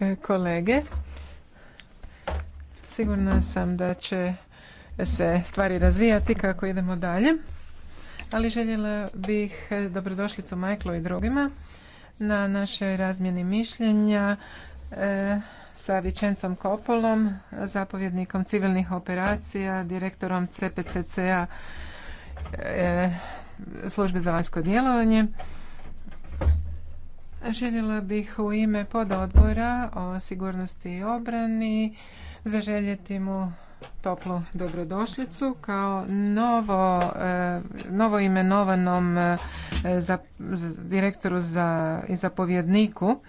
E, kolege. Sigurna sam da će se stvari razvijati kako idemo dalje. Ali željela bih dobrodošlicu Majklu i drugima na našoj razmjeni mišljenja e, sa Vičencom Kopolom, zapovjednikom civilnih operacija, direktorom CPCC-a e, službe za vanjsko djelovanje Željela bih u ime pododbora o sigurnosti i obrani zaželjeti mu toplu dobrodošlicu kao novo, e, novo imenovanom e, direktoru za, i zapovjedniku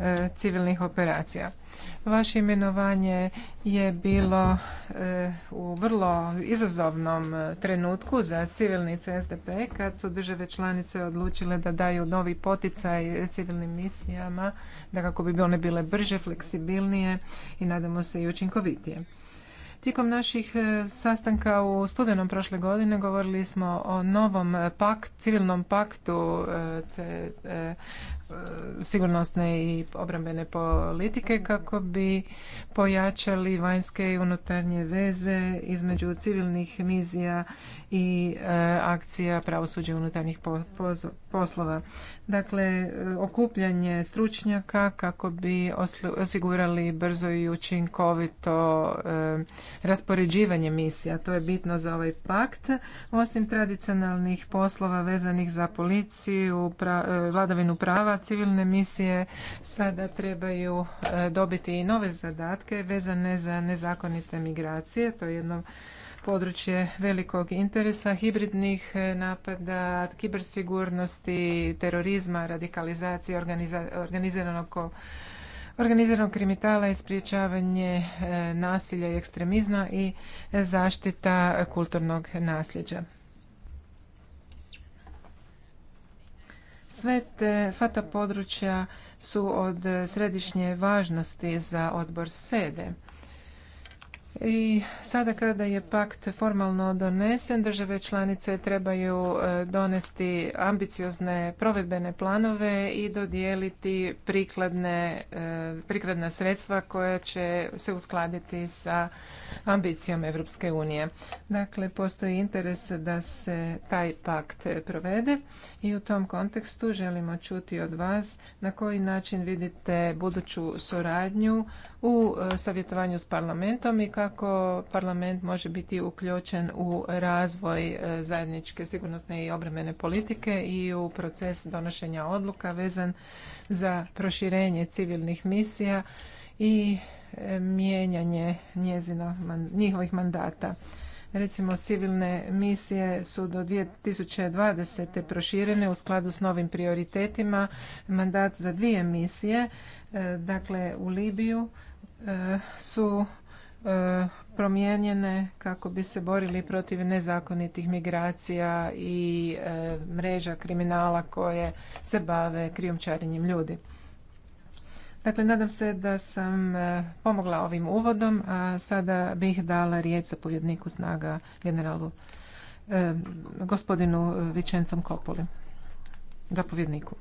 E, civilnih operacija. Vaše imenovanje je bilo e, u vrlo izazovnom e, trenutku za civilnice SDP kad su države članice odlučile da daju novi poticaj civilnim misijama da kako bi one bile brže, fleksibilnije i nadamo se i učinkovitije. Tijekom naših sastanka u studenom prošle godine govorili smo o novom pakt, civilnom paktu sigurnosne i obrambene politike kako bi pojačali vanjske i unutarnje veze između civilnih misija i e, akcija pravosuđa unutarnjih poslova. Dakle, e, okupljanje stručnjaka kako bi osigurali brzo i učinkovito e, raspoređivanje misija. To je bitno za ovaj pakt. Osim tradicionalnih poslova vezanih za policiju, e, vladavinu prava, civilne misije sada trebaju dobiti i nove zadatke vezane za nezakonite migracije. To je jedno područje velikog interesa hibridnih eh, napada, kibersigurnosti, terorizma, radikalizacije, organiziranog organiziranog kriminala i sprječavanje eh, nasilja i ekstremizma i eh, zaštita kulturnog nasljeđa. Sve te, sva ta područja su od središnje važnosti za odbor SEDE i sada kada je pakt formalno donesen, države članice trebaju e, donesti ambiciozne provedbene planove i dodijeliti prikladne, e, prikladna sredstva koja će se uskladiti sa ambicijom Europske unije. Dakle, postoji interes da se taj pakt provede i u tom kontekstu želimo čuti od vas na koji način vidite buduću suradnju u e, savjetovanju s parlamentom i kako parlament može biti uključen u razvoj e, zajedničke sigurnosne i obrambene politike i u proces donošenja odluka vezan za proširenje civilnih misija i e, mijenjanje njihovih mandata. Recimo, civilne misije su do 2020. proširene u skladu s novim prioritetima. Mandat za dvije misije, dakle u Libiju E, su e, promijenjene kako bi se borili protiv nezakonitih migracija i e, mreža kriminala koje se bave krijumčarenjem ljudi. Dakle, nadam se da sam pomogla ovim uvodom, a sada bih dala riječ zapovjedniku snaga generalu gospodinu Vičencom Kopoli, zapovjedniku.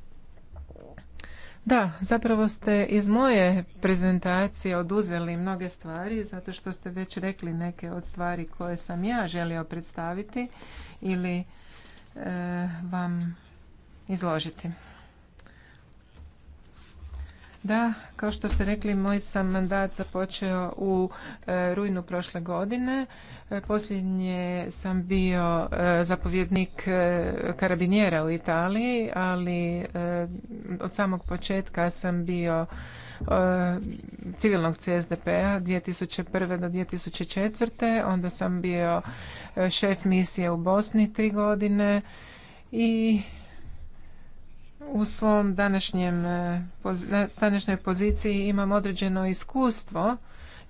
Da, zapravo ste iz moje prezentacije oduzeli mnoge stvari zato što ste već rekli neke od stvari koje sam ja želio predstaviti ili e, vam izložiti. Da, kao što ste rekli, moj sam mandat započeo u e, rujnu prošle godine. E, posljednje sam bio e, zapovjednik karabinjera u Italiji, ali od samog početka sam bio civilnog CSDP-a 2001. do 2004. Onda sam bio šef misije u Bosni tri godine i u svom današnjem, e, današnjoj poziciji imam određeno iskustvo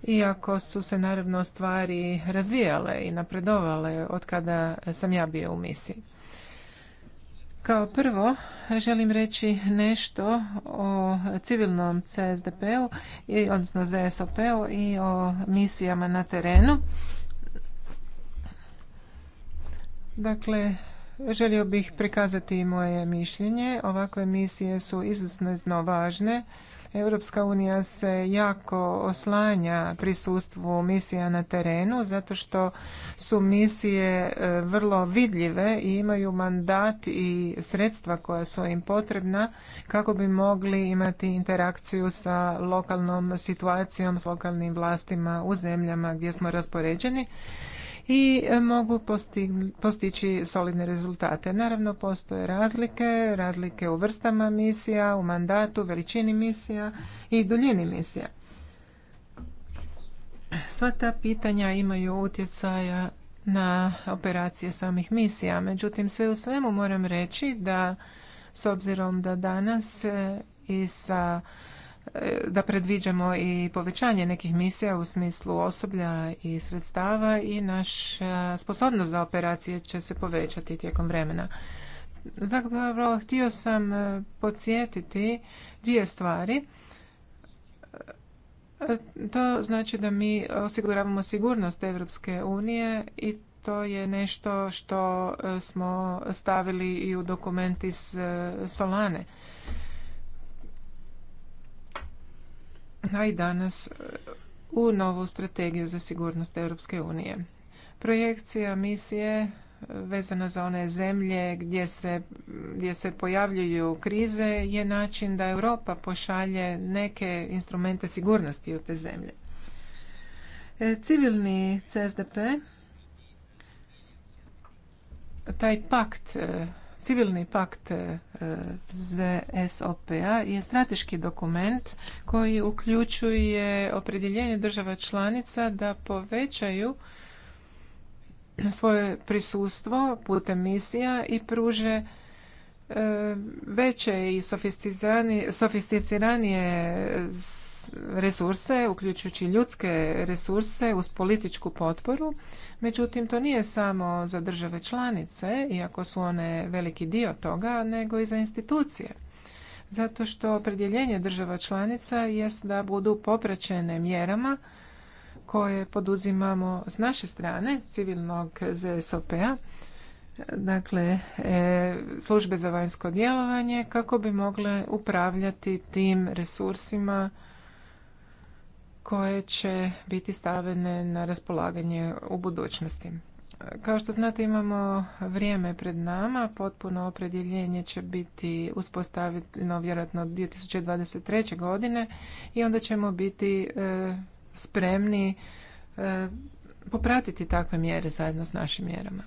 iako su se naravno stvari razvijale i napredovale od kada sam ja bio u misiji. Kao prvo želim reći nešto o civilnom CSDP-u, odnosno ZSOP-u i o misijama na terenu. Dakle, Želio bih prikazati moje mišljenje. Ovakve misije su izuzetno važne. Europska unija se jako oslanja prisustvu misija na terenu zato što su misije e, vrlo vidljive i imaju mandat i sredstva koja su im potrebna kako bi mogli imati interakciju sa lokalnom situacijom, s lokalnim vlastima u zemljama gdje smo raspoređeni i e, mogu postići solidne rezultate. Naravno, postoje razlike, razlike u vrstama misija, u mandatu, veličini misija i duljini misija. Sva ta pitanja imaju utjecaja na operacije samih misija. Međutim, sve u svemu moram reći da s obzirom da danas e, i sa E, da predviđamo i povećanje nekih misija u smislu osoblja i sredstava i naša sposobnost za operacije će se povećati tijekom vremena. Dakle, htio sam e, podsjetiti dvije stvari. E, to znači da mi osiguravamo sigurnost Evropske unije i to je nešto što smo stavili i u dokument iz Solane. a i danas e, u novu strategiju za sigurnost Europske unije. Projekcija misije e, vezana za one zemlje gdje se, se pojavljuju krize je način da Europa pošalje neke instrumente sigurnosti u te zemlje. E, civilni CSDP, taj pakt Civilni pakt e, ZSOP-a je strateški dokument koji uključuje opredjeljenje država članica da povećaju svoje prisustvo putem misija i pruže e, veće i sofisticiranije resurse, uključujući ljudske resurse uz političku potporu. Međutim, to nije samo za države članice, iako su one veliki dio toga, nego i za institucije. Zato što opredjeljenje država članica jest da budu popraćene mjerama koje poduzimamo s naše strane civilnog ZSOP-a, dakle e, službe za vanjsko djelovanje kako bi mogle upravljati tim resursima koje će biti stavljene na raspolaganje u budućnosti. Kao što znate imamo vrijeme pred nama, potpuno opredjeljenje će biti uspostavljeno vjerojatno od 2023. godine i onda ćemo biti e, spremni e, popratiti takve mjere zajedno s našim mjerama.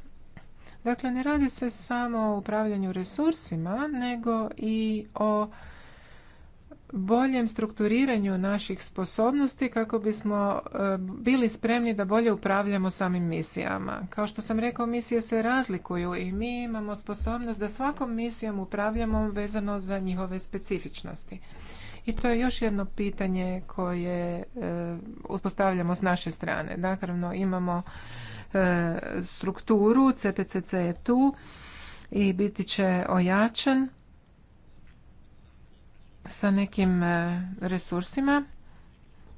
Dakle, ne radi se samo o upravljanju resursima, nego i o boljem strukturiranju naših sposobnosti kako bismo e, bili spremni da bolje upravljamo samim misijama. Kao što sam rekao, misije se razlikuju i mi imamo sposobnost da svakom misijom upravljamo vezano za njihove specifičnosti. I to je još jedno pitanje koje e, uspostavljamo s naše strane. Dakle, imamo e, strukturu, CPCC je tu i biti će ojačan sa nekim e, resursima,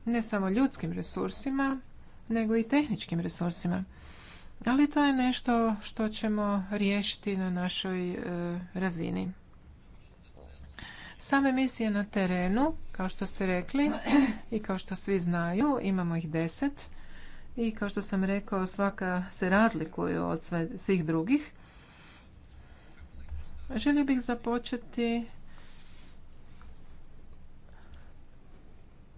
ne samo ljudskim resursima, nego i tehničkim resursima. Ali to je nešto što ćemo riješiti na našoj e, razini. Same misije na terenu, kao što ste rekli i kao što svi znaju, imamo ih deset i kao što sam rekao svaka se razlikuje od svih drugih. Želio bih započeti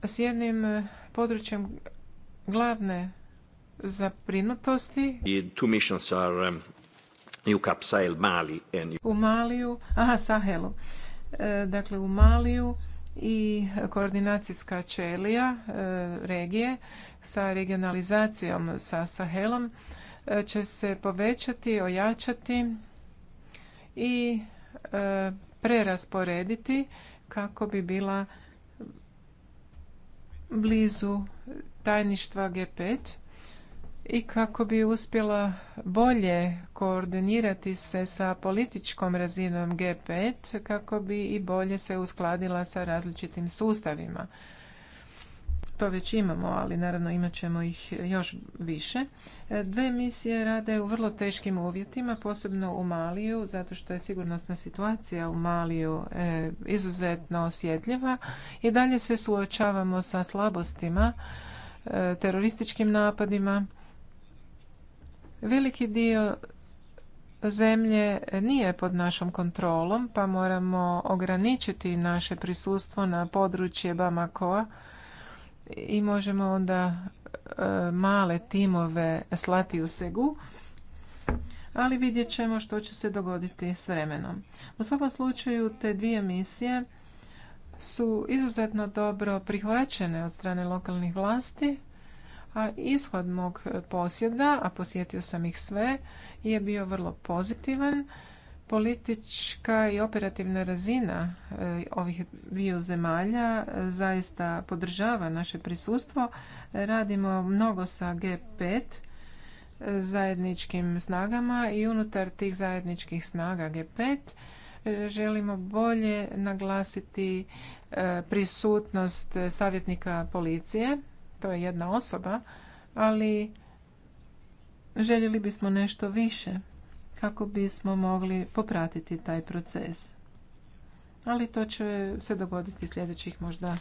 Pa s jednim e, područjem glavne um, And... U Maliju, aha, Sahelu. E, dakle, u Maliju i koordinacijska čelija e, regije sa regionalizacijom sa Sahelom će se povećati, ojačati i prerasporediti kako bi bila blizu tajništva G5 i kako bi uspjela bolje koordinirati se sa političkom razinom G5 kako bi i bolje se uskladila sa različitim sustavima to već imamo, ali naravno imat ćemo ih još više. E, dve misije rade u vrlo teškim uvjetima, posebno u Maliju, zato što je sigurnosna situacija u Maliju e, izuzetno osjetljiva i dalje se suočavamo sa slabostima, e, terorističkim napadima. Veliki dio zemlje nije pod našom kontrolom, pa moramo ograničiti naše prisustvo na područje Bamakoa i možemo onda e, male timove slati u segu ali vidjet ćemo što će se dogoditi s vremenom. U svakom slučaju te dvije misije su izuzetno dobro prihvaćene od strane lokalnih vlasti, a ishod mog posjeda, a posjetio sam ih sve, je bio vrlo pozitivan Politička i operativna razina eh, ovih dviju zemalja eh, zaista podržava naše prisustvo. Radimo mnogo sa G5 eh, zajedničkim snagama i unutar tih zajedničkih snaga G5 želimo bolje naglasiti prisutnost savjetnika policije. To je jedna osoba, ali željeli bismo nešto više kako bismo mogli popratiti taj proces. Ali to će se dogoditi sljedećih možda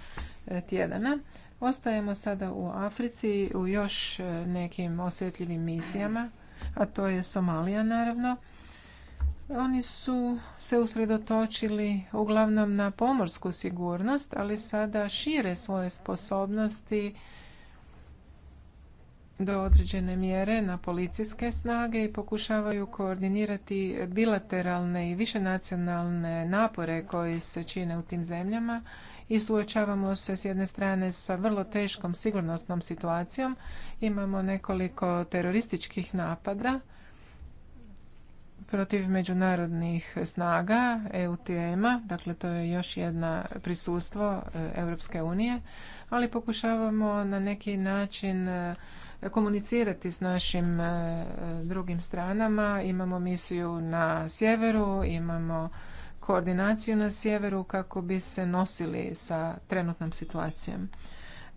e, tjedana. Ostajemo sada u Africi u još e, nekim osjetljivim misijama, a to je Somalija naravno. Oni su se usredotočili uglavnom na pomorsku sigurnost, ali sada šire svoje sposobnosti do određene mjere na policijske snage i pokušavaju koordinirati bilateralne i višenacionalne napore koji se čine u tim zemljama i suočavamo se s jedne strane sa vrlo teškom sigurnosnom situacijom. Imamo nekoliko terorističkih napada protiv međunarodnih snaga EUTM-a, dakle to je još jedna prisustvo e, Europske unije, ali pokušavamo na neki način e, komunicirati s našim e, drugim stranama. Imamo misiju na sjeveru, imamo koordinaciju na sjeveru kako bi se nosili sa trenutnom situacijom.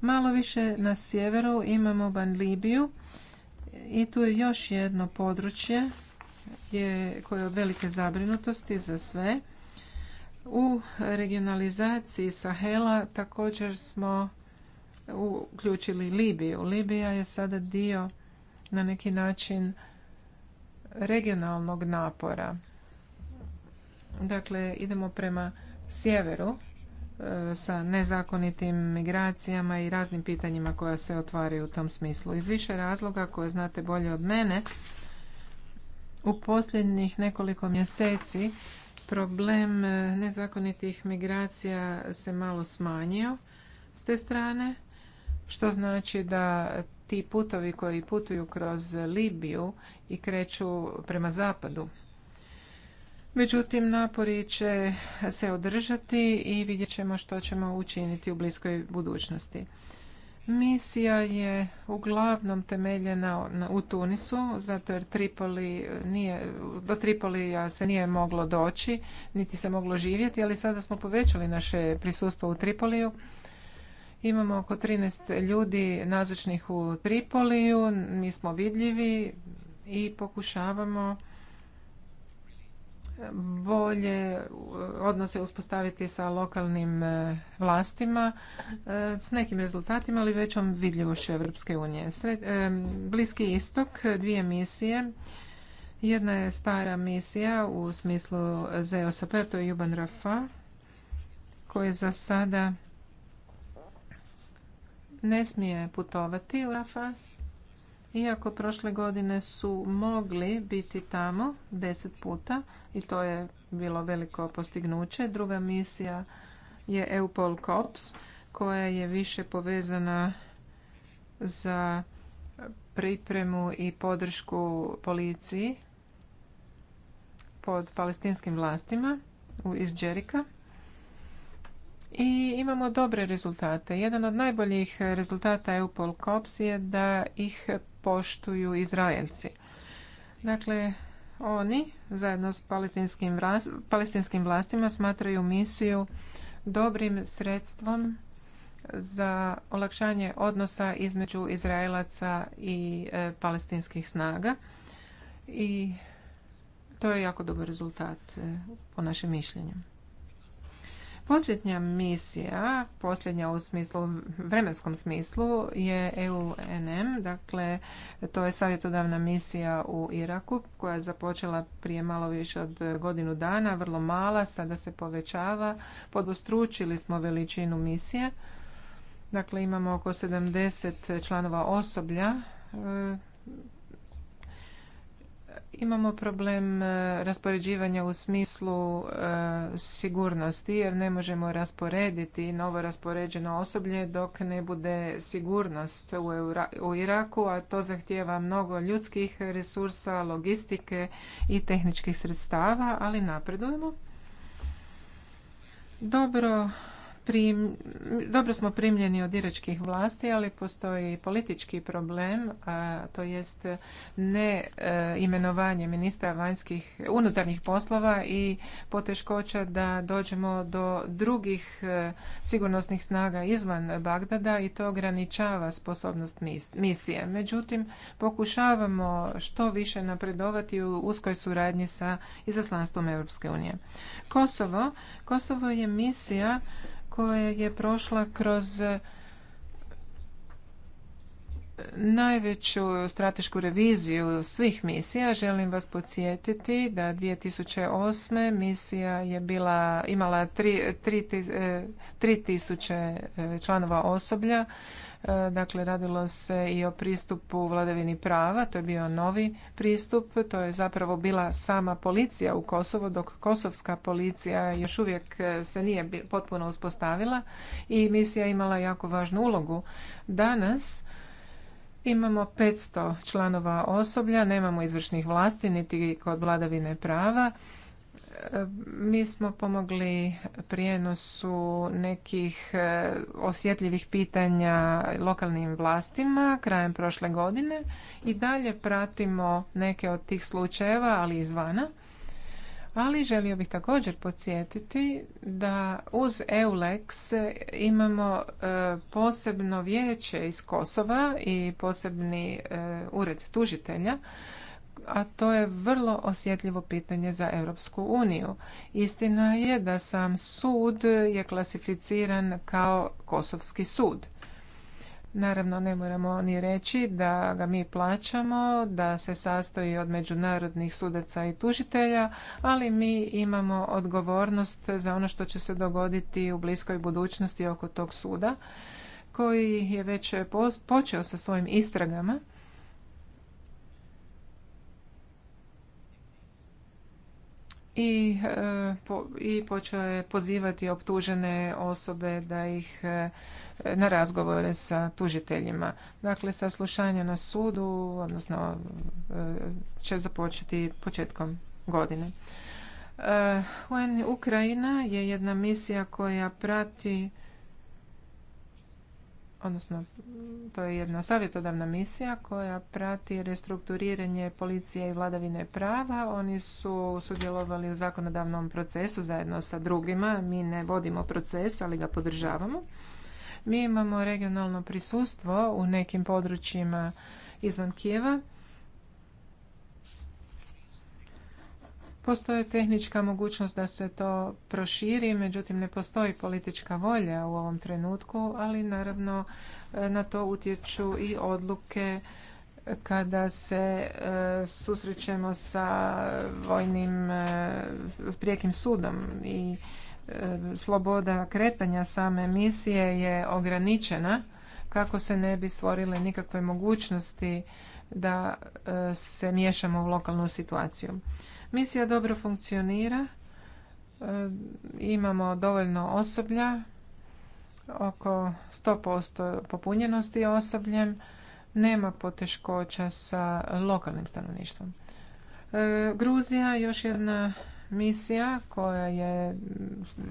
Malo više na sjeveru imamo Banlibiju i tu je još jedno područje koje je od velike zabrinutosti za sve. U regionalizaciji Sahela također smo uključili Libiju. Libija je sada dio na neki način regionalnog napora. Dakle, idemo prema sjeveru e, sa nezakonitim migracijama i raznim pitanjima koja se otvaraju u tom smislu. Iz više razloga koje znate bolje od mene, u posljednjih nekoliko mjeseci problem e, nezakonitih migracija se malo smanjio s te strane, što znači da ti putovi koji putuju kroz Libiju i kreću prema zapadu. Međutim, napori će se održati i vidjet ćemo što ćemo učiniti u bliskoj budućnosti. Misija je uglavnom temeljena u Tunisu, zato jer Tripoli nije, do Tripolija se nije moglo doći, niti se moglo živjeti, ali sada smo povećali naše prisustvo u Tripoliju Imamo oko 13 ljudi nazočnih u Tripoliju, mi smo vidljivi i pokušavamo bolje eh, odnose uspostaviti sa lokalnim eh, vlastima eh, s nekim rezultatima, ali većom vidljivošću Evropske unije. Bliski istok, dvije misije. Jedna je stara misija u smislu ZOSP, to je Juban Rafa, koji za sada ne smije putovati u Rafas, iako prošle godine su mogli biti tamo deset puta i to je bilo veliko postignuće. Druga misija je EUPOL COPS koja je više povezana za pripremu i podršku policiji pod palestinskim vlastima iz Jerika i imamo dobre rezultate. Jedan od najboljih rezultata EUPOL COPS je da ih poštuju Izraelci. Dakle, oni zajedno s palestinskim vlastima smatraju misiju dobrim sredstvom za olakšanje odnosa između Izraelaca i e, palestinskih snaga i to je jako dobar rezultat e, po našem mišljenju. Posljednja misija, posljednja u smislu, vremenskom smislu je EUNM, dakle to je savjetodavna misija u Iraku koja je započela prije malo više od godinu dana, vrlo mala, sada se povećava, podostručili smo veličinu misije. Dakle, imamo oko 70 članova osoblja e, imamo problem e, raspoređivanja u smislu e, sigurnosti jer ne možemo rasporediti novo raspoređeno osoblje dok ne bude sigurnost u Iraku, a to zahtijeva mnogo ljudskih resursa, logistike i tehničkih sredstava, ali napredujemo. Dobro prim, dobro smo primljeni od iračkih vlasti, ali postoji politički problem, a to jest ne e, imenovanje ministra vanjskih unutarnjih poslova i poteškoća da dođemo do drugih e, sigurnosnih snaga izvan Bagdada i to ograničava sposobnost misije. Međutim, pokušavamo što više napredovati u uskoj suradnji sa izaslanstvom Europske unije. Kosovo, Kosovo je misija koja je prošla kroz e, najveću stratešku reviziju svih misija. Želim vas podsjetiti da 2008. misija je bila, imala 3000 e, e, članova osoblja. E, dakle, radilo se i o pristupu vladavini prava, to je bio novi pristup, to je zapravo bila sama policija u Kosovo, dok kosovska policija još uvijek e, se nije potpuno uspostavila i misija imala jako važnu ulogu. Danas Imamo 500 članova osoblja, nemamo izvršnih vlasti niti kod vladavine prava mi smo pomogli prijenosu nekih e, osjetljivih pitanja lokalnim vlastima krajem prošle godine i dalje pratimo neke od tih slučajeva, ali izvana. Ali želio bih također podsjetiti da uz EULEX imamo e, posebno vijeće iz Kosova i posebni e, ured tužitelja a to je vrlo osjetljivo pitanje za Europsku uniju. Istina je da sam sud je klasificiran kao Kosovski sud. Naravno, ne moramo ni reći da ga mi plaćamo, da se sastoji od međunarodnih sudaca i tužitelja, ali mi imamo odgovornost za ono što će se dogoditi u bliskoj budućnosti oko tog suda, koji je već počeo sa svojim istragama i, e, i počeo je pozivati optužene osobe da ih e, na razgovore sa tužiteljima. Dakle, saslušanje na sudu, odnosno e, će započeti početkom godine. UN Ukrajina je jedna misija koja prati odnosno to je jedna savjetodavna misija koja prati restrukturiranje policije i vladavine prava. Oni su sudjelovali u zakonodavnom procesu zajedno sa drugima. Mi ne vodimo proces, ali ga podržavamo. Mi imamo regionalno prisustvo u nekim područjima izvan Kijeva Postoje tehnička mogućnost da se to proširi, međutim ne postoji politička volja u ovom trenutku, ali naravno e, na to utječu i odluke kada se e, susrećemo sa vojnim e, prijekim sudom i sloboda kretanja same misije je ograničena kako se ne bi stvorile nikakve mogućnosti da se miješamo u lokalnu situaciju. Misija dobro funkcionira, e, imamo dovoljno osoblja, oko 100% popunjenosti osobljem, nema poteškoća sa lokalnim stanovništvom. E, Gruzija, još jedna misija koja je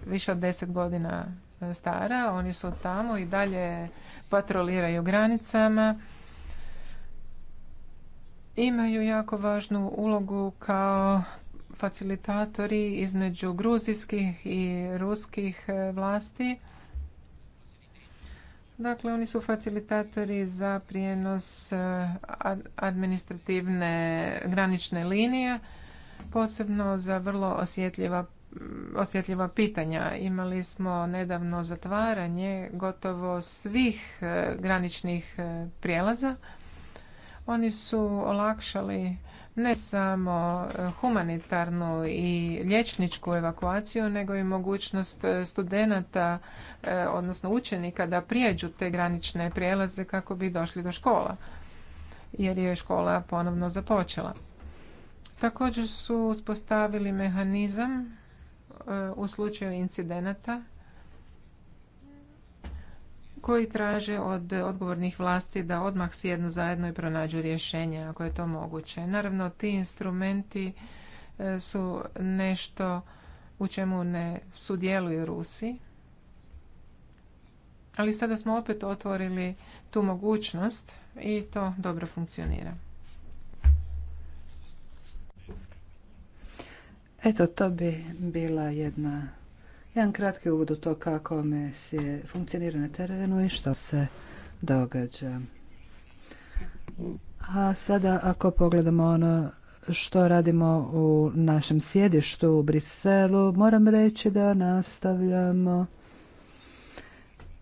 više od 10 godina e, stara. Oni su tamo i dalje patroliraju granicama imaju jako važnu ulogu kao facilitatori između gruzijskih i ruskih e, vlasti. Dakle, oni su facilitatori za prijenos e, administrativne granične linije, posebno za vrlo osjetljiva osjetljiva pitanja. Imali smo nedavno zatvaranje gotovo svih e, graničnih prijelaza oni su olakšali ne samo e, humanitarnu i liječničku evakuaciju, nego i mogućnost e, studenata, e, odnosno učenika da prijeđu te granične prijelaze kako bi došli do škola, jer je škola ponovno započela. Također su uspostavili mehanizam u slučaju incidenata koji traže od odgovornih vlasti da odmah sjednu zajedno i pronađu rješenje ako je to moguće. Naravno, ti instrumenti e, su nešto u čemu ne sudjeluju Rusi. Ali sada smo opet otvorili tu mogućnost i to dobro funkcionira. Eto, to bi bila jedna jedan kratki uvod u to kako se funkcionira na terenu i što se događa. A sada ako pogledamo ono što radimo u našem sjedištu u Briselu, moram reći da nastavljamo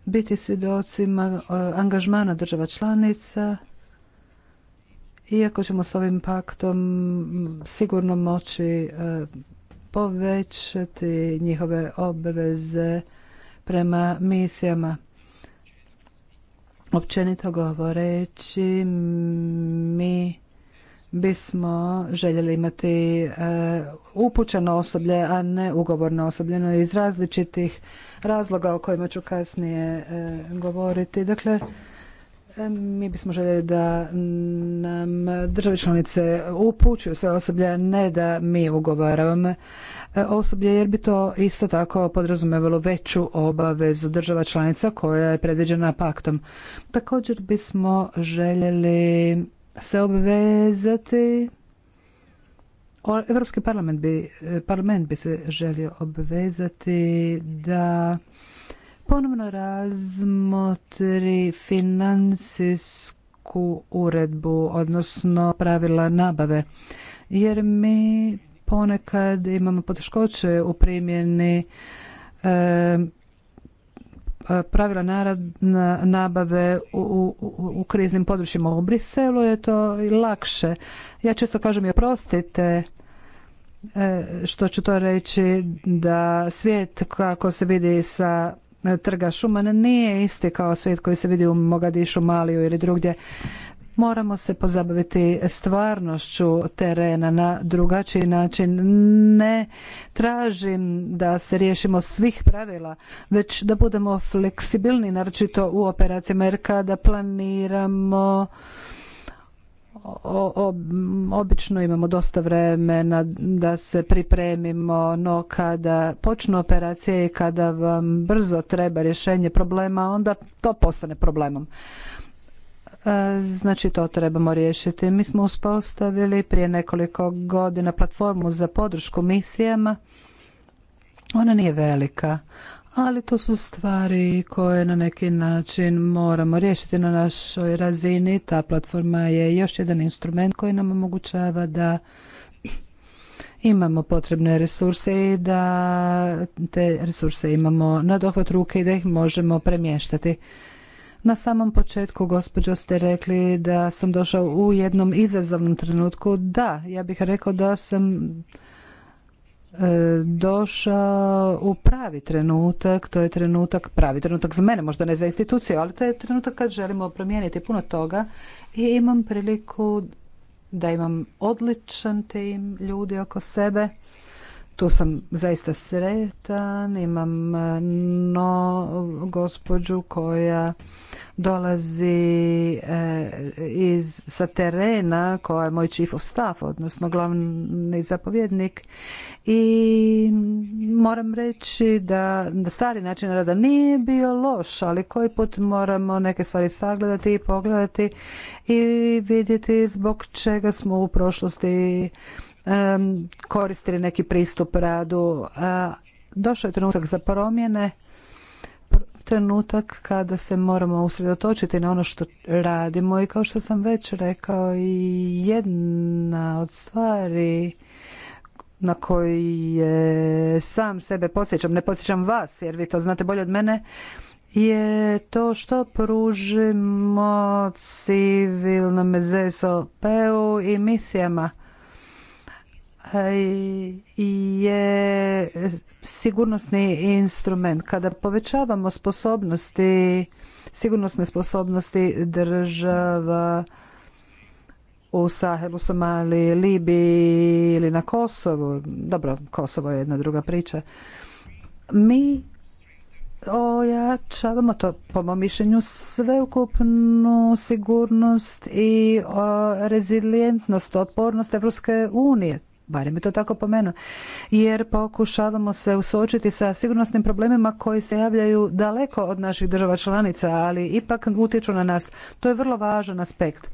biti svjedocima e, angažmana država članica iako ćemo s ovim paktom sigurno moći e, povećati njihove obveze prema misijama. Općenito govoreći, mi bismo željeli imati e, upućeno osoblje, a ne ugovorno osobljeno iz različitih razloga o kojima ću kasnije e, govoriti. Dakle, mi bismo željeli da nam države članice upućuju sve osoblje, ne da mi ugovaramo e, osoblje, jer bi to isto tako podrazumevalo veću obavezu država članica koja je predviđena paktom. Također bismo željeli se obvezati Europski parlament bi, e, parlament bi se želio obvezati da ponovno razmotri financijsku uredbu, odnosno pravila nabave. Jer mi ponekad imamo poteškoće u primjeni pravila naradna nabave u, u kriznim područjima u Briselu je to i lakše. Ja često kažem, je prostite e, što ću to reći, da svijet kako se vidi sa trga Šuman nije isti kao svijet koji se vidi u Mogadišu, Maliju ili drugdje. Moramo se pozabaviti stvarnošću terena na drugačiji način. Ne tražim da se riješimo svih pravila, već da budemo fleksibilni, naročito u operacijama, jer kada planiramo obično imamo dosta vremena da se pripremimo, no kada počnu operacije i kada vam brzo treba rješenje problema, onda to postane problemom. E, znači to trebamo riješiti. Mi smo uspostavili prije nekoliko godina platformu za podršku misijama. Ona nije velika ali to su stvari koje na neki način moramo riješiti na našoj razini. Ta platforma je još jedan instrument koji nam omogućava da imamo potrebne resurse i da te resurse imamo na dohvat ruke i da ih možemo premještati. Na samom početku, gospođo, ste rekli da sam došao u jednom izazovnom trenutku. Da, ja bih rekao da sam E, došao u pravi trenutak, to je trenutak, pravi trenutak za mene, možda ne za instituciju, ali to je trenutak kad želimo promijeniti puno toga i imam priliku da imam odličan tim ljudi oko sebe tu sam zaista sretan. Imam eh, no gospođu koja dolazi eh, iz, sa terena, koja je moj chief of staff, odnosno glavni zapovjednik. I moram reći da, da stari način rada nije bio loš, ali koji put moramo neke stvari sagledati i pogledati i vidjeti zbog čega smo u prošlosti koristili neki pristup radu. Došao je trenutak za promjene, trenutak kada se moramo usredotočiti na ono što radimo i kao što sam već rekao i jedna od stvari na koji je sam sebe podsjećam, ne podsjećam vas jer vi to znate bolje od mene, je to što pružimo civilnom ZSOP-u i misijama je sigurnosni instrument. Kada povećavamo sposobnosti, sigurnosne sposobnosti država u Sahelu, Somaliji, Libiji ili na Kosovu, dobro, Kosovo je jedna druga priča, mi ojačavamo to po mom mišljenju sveukupnu sigurnost i rezilijentnost, otpornost Evropske unije barem je to tako po menu, jer pokušavamo se usočiti sa sigurnosnim problemima koji se javljaju daleko od naših država članica, ali ipak utječu na nas. To je vrlo važan aspekt.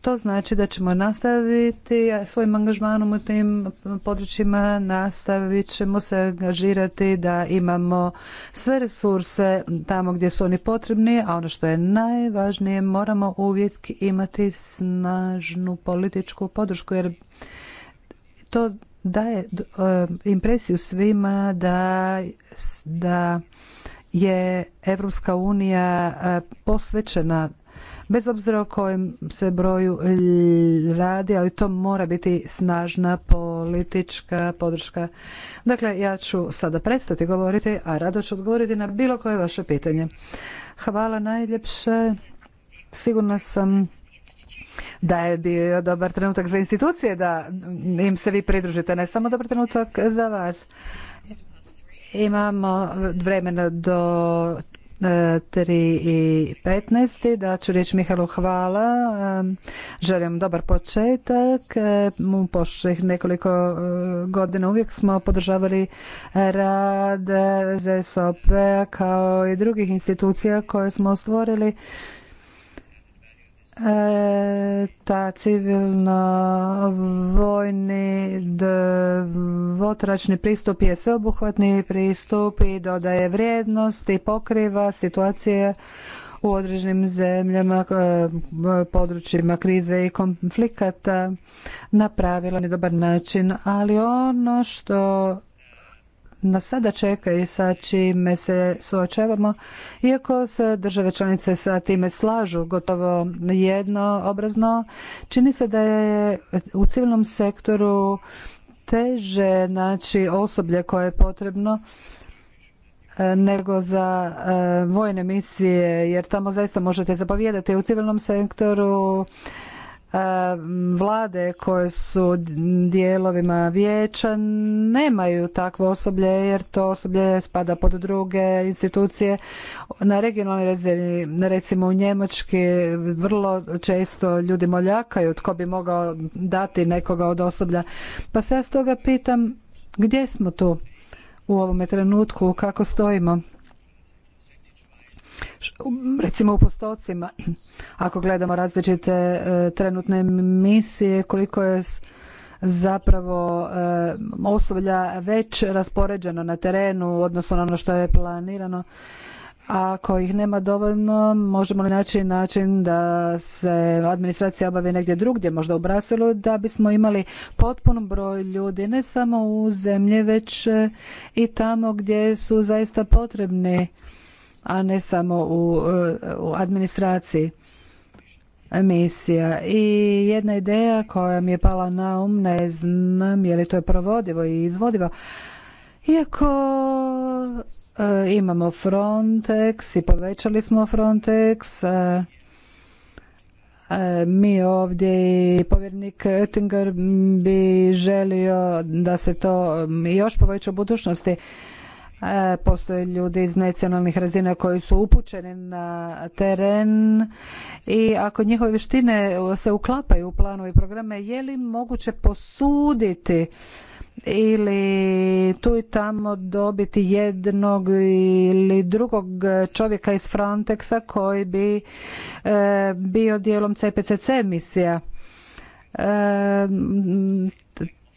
To znači da ćemo nastaviti svojim angažmanom u tim područjima, nastavit ćemo se angažirati da imamo sve resurse tamo gdje su oni potrebni, a ono što je najvažnije moramo uvijek imati snažnu političku podršku jer to daje e, impresiju svima da, da je Europska unija e, posvećena bez obzira o kojem se broju e, radi, ali to mora biti snažna politička podrška. Dakle, ja ću sada prestati govoriti, a rado ću odgovoriti na bilo koje vaše pitanje. Hvala najljepše. Sigurna sam da je bio dobar trenutak za institucije da im se vi pridružite, ne samo dobar trenutak za vas. Imamo vremena do 3.15. E, i Da ću reći Mihalu hvala. E, želim dobar početak. E, u pošlih nekoliko godina uvijek smo podržavali rad ZSOP p-a kao i drugih institucija koje smo stvorili ta civilno-vojni dvotračni pristup je sveobuhvatni pristup i dodaje vrijednost i pokriva situacije u određenim zemljama, e, područjima krize i konflikata na pravilan i dobar način. Ali ono što nas sada čeka i sa čime se suočavamo, iako se države članice sa time slažu gotovo jednoobrazno, čini se da je u civilnom sektoru teže naći osoblje koje je potrebno e, nego za e, vojne misije jer tamo zaista možete zapovijedati u civilnom sektoru vlade koje su dijelovima vijeća nemaju takvo osoblje jer to osoblje spada pod druge institucije na regionalnoj razini recimo u Njemački vrlo često ljudi moljakaju tko bi mogao dati nekoga od osoblja pa se ja stoga pitam gdje smo tu u ovome trenutku kako stojimo recimo u postocima, ako gledamo različite e, trenutne misije, koliko je zapravo e, osoblja već raspoređeno na terenu odnosno na ono što je planirano. ako ih nema dovoljno, možemo li naći način da se administracija obavi negdje drugdje, možda u Brasilu, da bismo imali potpun broj ljudi, ne samo u zemlji, već e, i tamo gdje su zaista potrebni a ne samo u, u administraciji emisija I jedna ideja koja mi je pala na um, ne znam je li to je provodivo i izvodivo, iako e, imamo Frontex i povećali smo Frontex, e, e, mi ovdje i povjernik Oettinger bi želio da se to još poveća u budućnosti. E, postoje ljudi iz nacionalnih razina koji su upućeni na teren i ako njihove vještine se uklapaju u planove i programe, je li moguće posuditi ili tu i tamo dobiti jednog ili drugog čovjeka iz Frontexa koji bi e, bio dijelom CPCC misija. E,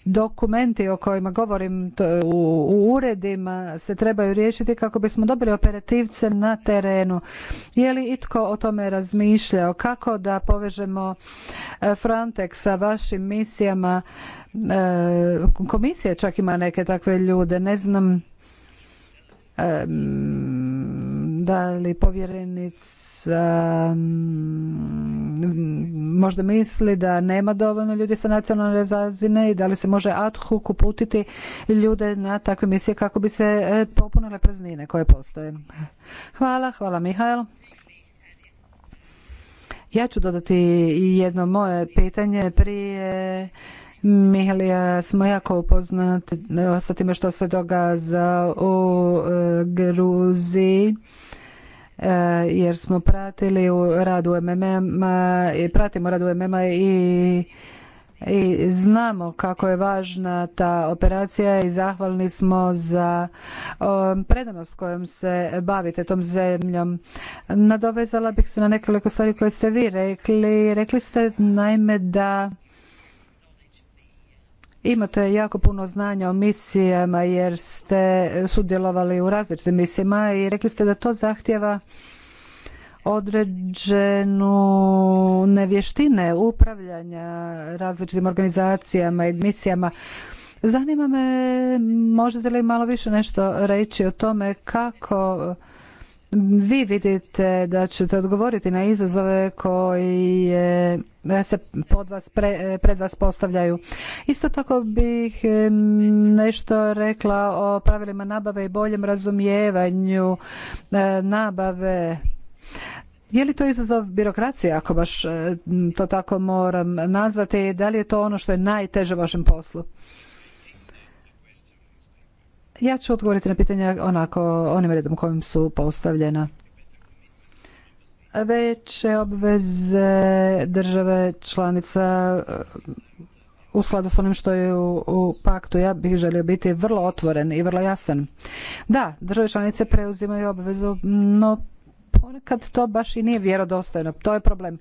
dokumenti o kojima govorim u uredima se trebaju riješiti kako bismo dobili operativce na terenu. Je li itko o tome razmišljao? Kako da povežemo e, Frontex sa vašim misijama? E, komisija čak ima neke takve ljude. Ne znam e, da li povjerenica mm, možda misli da nema dovoljno ljudi sa nacionalne razine i da li se može ad hoc uputiti ljude na takve misije kako bi se e, popunile praznine koje postoje. Hvala, hvala Mihajl. Ja ću dodati jedno moje pitanje prije Mihalija, smo jako upoznati e, sa time što se događa u e, Gruziji e, jer smo pratili u MMM i pratimo rad u i i znamo kako je važna ta operacija i zahvalni smo za predanost kojom se bavite tom zemljom. Nadovezala bih se na nekoliko stvari koje ste vi rekli. Rekli ste naime da Imate jako puno znanja o misijama jer ste sudjelovali u različitim misijama i rekli ste da to zahtjeva određenu nevještine upravljanja različitim organizacijama i misijama. Zanima me, možete li malo više nešto reći o tome kako vi vidite da ćete odgovoriti na izazove koji se pod vas, pred vas postavljaju. Isto tako bih nešto rekla o pravilima nabave i boljem razumijevanju e, nabave. Je li to izazov birokracije, ako baš e, to tako moram nazvati? Da li je to ono što je najteže vašem poslu? Ja ću odgovoriti na pitanja onako onim redom kojim su postavljena. Veće obveze države članica u skladu s onim što je u, u paktu. Ja bih želio biti vrlo otvoren i vrlo jasan. Da, države članice preuzimaju obvezu, no ponekad to baš i nije vjerodostojno. To je problem.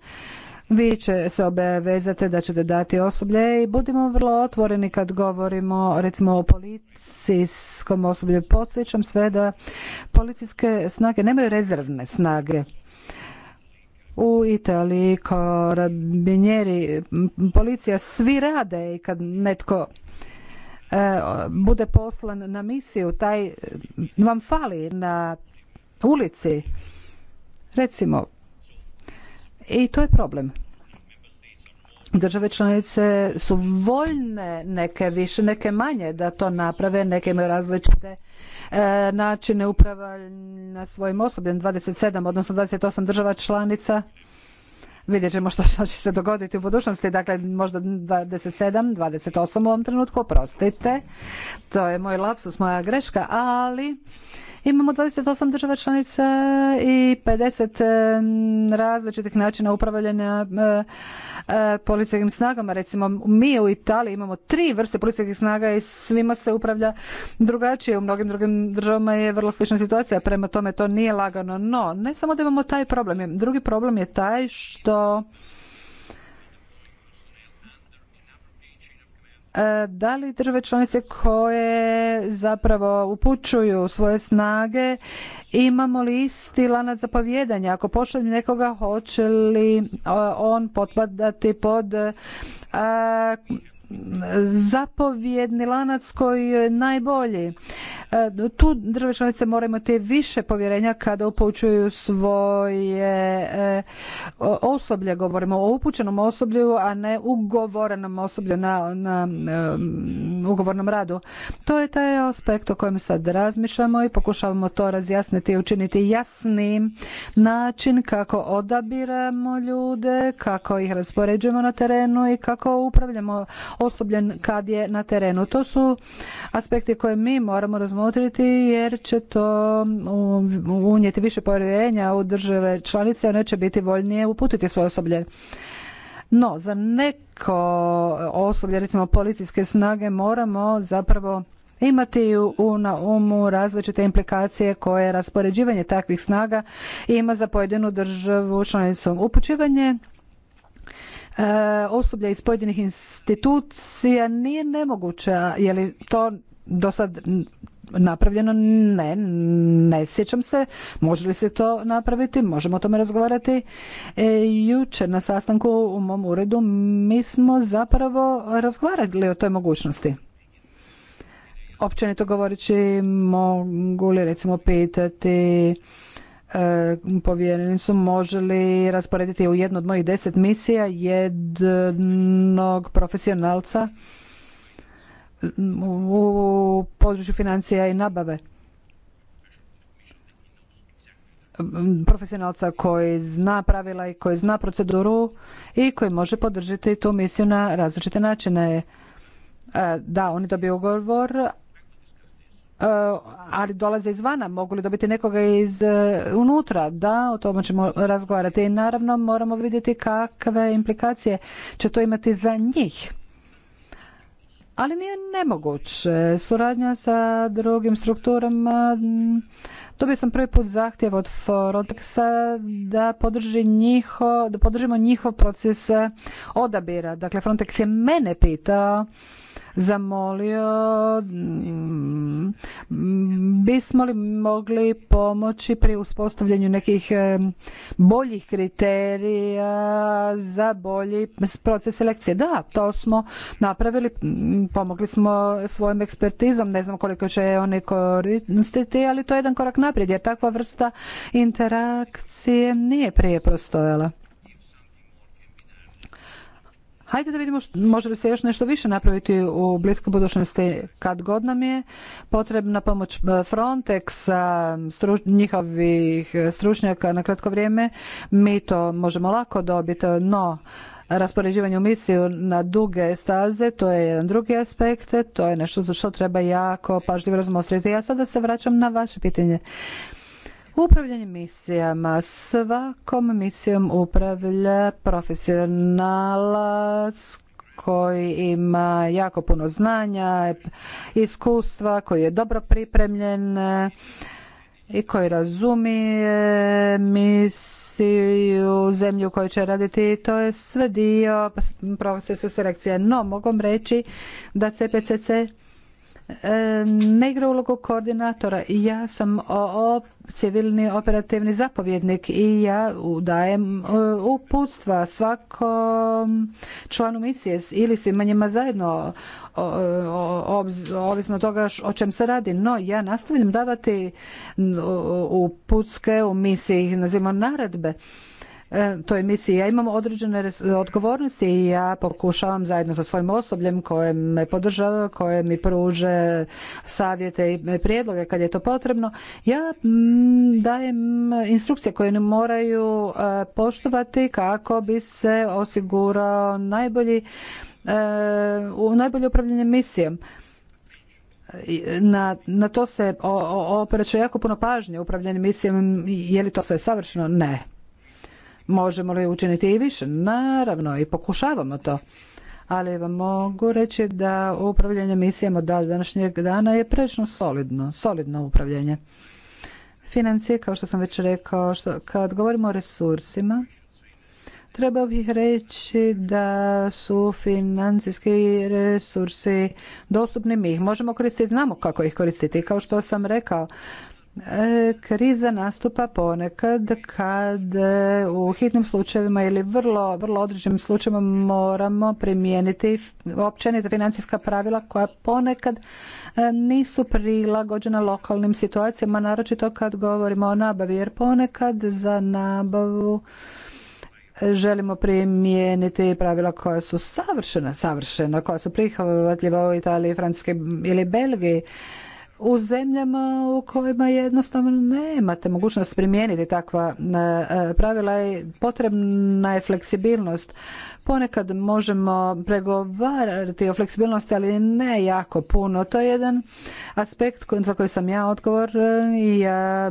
Vi će se obavezati da ćete dati osoblje i budimo vrlo otvoreni kad govorimo recimo o policijskom osoblju. Podsjećam sve da policijske snage nemaju rezervne snage u Italiji Korabinjeri, policija, svi rade i kad netko e, bude poslan na misiju, taj vam fali na ulici. Recimo, i to je problem. Države članice su voljne, neke više, neke manje da to naprave, neke imaju različite e, načine uprava na svojim osobljem. 27, odnosno 28 država članica vidjet ćemo što, će se dogoditi u budućnosti. Dakle, možda 27, 28 u ovom trenutku, oprostite. To je moj lapsus, moja greška, ali Imamo 28 država članica i 50 e, različitih načina upravljanja e, e, policijskim snagama. Recimo mi u Italiji imamo tri vrste policijskih snaga i svima se upravlja drugačije. U mnogim drugim državama je vrlo slična situacija, prema tome to nije lagano. No, ne samo da imamo taj problem. Drugi problem je taj što E, da li države članice koje zapravo upućuju svoje snage imamo li isti lanac zapovjedanja ako pošaljem nekoga hoće li e, on potpadati pod e, zapovjedni lanac koji je najbolji E, tu države članice moraju imati više povjerenja kada upućuju svoje e, osoblje. Govorimo o upućenom osoblju, a ne ugovorenom osoblju na, na e, ugovornom radu. To je taj aspekt o kojem sad razmišljamo i pokušavamo to razjasniti i učiniti jasnim način kako odabiramo ljude, kako ih raspoređujemo na terenu i kako upravljamo osobljen kad je na terenu. To su aspekti koje mi moramo razmišljati razmotriti jer će to um, unijeti više povjerenja u države članice, one neće biti voljnije uputiti svoje osoblje. No, za neko osoblje, recimo policijske snage, moramo zapravo imati u, na umu različite implikacije koje raspoređivanje takvih snaga ima za pojedinu državu članicu. Upućivanje e, osoblja iz pojedinih institucija nije nemoguće, jer to do sad napravljeno? Ne, ne sjećam se. Može li se to napraviti? Možemo o tome razgovarati. E, jučer na sastanku u mom uredu mi smo zapravo razgovarali o toj mogućnosti. Općenito govoreći, mogu li recimo pitati e, povjerenicu može li rasporediti u jednu od mojih deset misija jednog profesionalca u području financija i nabave profesionalca koji zna pravila i koji zna proceduru i koji može podržati tu misiju na različite načine. E, da, oni dobiju ugovor, e, ali dolaze izvana. Mogu li dobiti nekoga iz e, unutra? Da, o tome ćemo razgovarati. I naravno moramo vidjeti kakve implikacije će to imati za njih ali nije nemoguće. Suradnja sa drugim strukturama, dobio sam prvi put zahtjev od Frontexa da, podrži njiho, da podržimo njihov proces odabira. Dakle, Frontex je mene pitao zamolio mm, bismo li mogli pomoći pri uspostavljanju nekih e, boljih kriterija za bolji proces selekcije. Da, to smo napravili, pomogli smo svojim ekspertizom, ne znam koliko će oni koristiti, ali to je jedan korak naprijed jer takva vrsta interakcije nije prije postojala. Hajde da vidimo što, može li se još nešto više napraviti u bliskoj budućnosti kad god nam je potrebna pomoć Frontexa, njihovih e, stručnjaka na kratko vrijeme. Mi to možemo lako dobiti, no u misiju na duge staze, to je jedan drugi aspekt, to je nešto što treba jako pažljivo razmotriti. Ja sada se vraćam na vaše pitanje. Upravljanje misijama. Svakom misijom upravlja profesionalac koji ima jako puno znanja, iskustva, koji je dobro pripremljen i koji razumije misiju, zemlju koju će raditi to je sve dio procesa selekcije. No, mogu reći da CPCC ne igra ulogu koordinatora. Ja sam civilni operativni zapovjednik i ja dajem e, uputstva svakom članu misije ili svima njima zajedno e, ovisno toga o čem se radi. No, ja nastavljam davati uputske u misiji, ih nazivamo naredbe E, toj misiji. Ja imam određene odgovornosti i ja pokušavam zajedno sa svojim osobljem koje me podržava, koje mi pruže savjete i prijedloge kad je to potrebno. Ja mm, dajem instrukcije koje ne moraju e, poštovati kako bi se osigurao najbolji e, u najbolje upravljanje misijom. Na, na to se opreće jako puno pažnje upravljanje misijom. Je li to sve savršeno? Ne. Možemo li učiniti i više? Naravno, i pokušavamo to. Ali vam mogu reći da upravljanje misijama od današnjeg dana je prečno solidno, solidno upravljanje. Financije, kao što sam već rekao, što, kad govorimo o resursima, Treba bih reći da su financijski resursi dostupni mi. Ih možemo koristiti, znamo kako ih koristiti. Kao što sam rekao, Kriza nastupa ponekad kad e, u hitnim slučajevima ili vrlo, vrlo određenim slučajevima moramo primijeniti općenita financijska pravila koja ponekad e, nisu prilagođena lokalnim situacijama, naročito kad govorimo o nabavi, jer ponekad za nabavu e, želimo primijeniti pravila koja su savršena, savršena, koja su prihvatljiva u Italiji, Francuskoj ili Belgiji u zemljama u kojima jednostavno nemate mogućnost primijeniti takva e, e, pravila i potrebna je fleksibilnost. Ponekad možemo pregovarati o fleksibilnosti, ali ne jako puno. To je jedan aspekt za koji sam ja odgovor e, i ja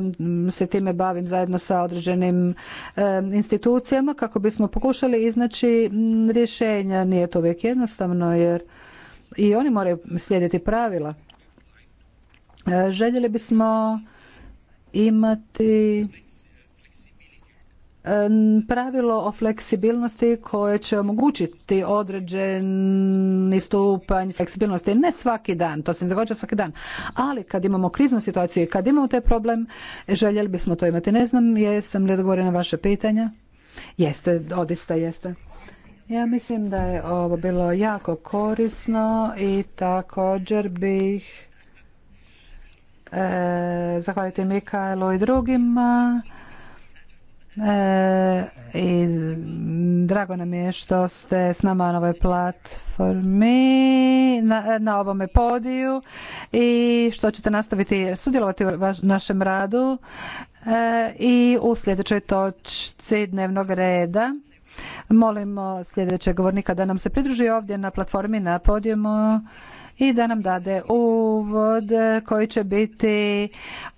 se time bavim zajedno sa određenim institucijama kako bismo pokušali iznaći rješenja. Nije to uvijek jednostavno jer i oni moraju slijediti pravila E, željeli bismo imati e, pravilo o fleksibilnosti koje će omogućiti određeni stupanj fleksibilnosti. Ne svaki dan, to se ne događa svaki dan, ali kad imamo kriznu situaciju i kad imamo taj problem, željeli bismo to imati. Ne znam, jesam li odgovorio na vaše pitanja? Jeste, odista jeste. Ja mislim da je ovo bilo jako korisno i također bih zahvaliti Mikaelu i drugima. E, I drago nam je što ste s nama na ovoj platformi, na, na ovome podiju i što ćete nastaviti sudjelovati u našem radu e, i u sljedećoj točci dnevnog reda. Molimo sljedećeg govornika da nam se pridruži ovdje na platformi na podijumu i da nam dade uvod koji će biti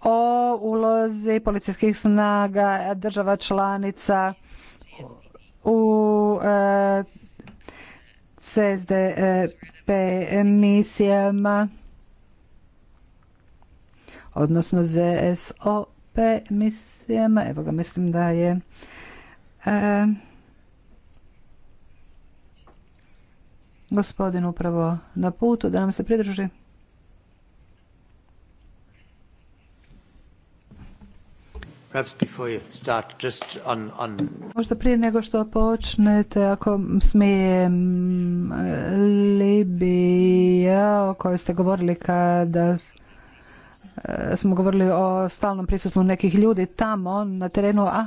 o ulozi policijskih snaga država članica u e, CSDP misijama odnosno ZSOP misijama. Evo ga, mislim da je e, gospodin upravo na putu da nam se pridruži. Možda prije nego što počnete, ako smijem, Libija o kojoj ste govorili kada e, smo govorili o stalnom prisutnu nekih ljudi tamo na terenu, a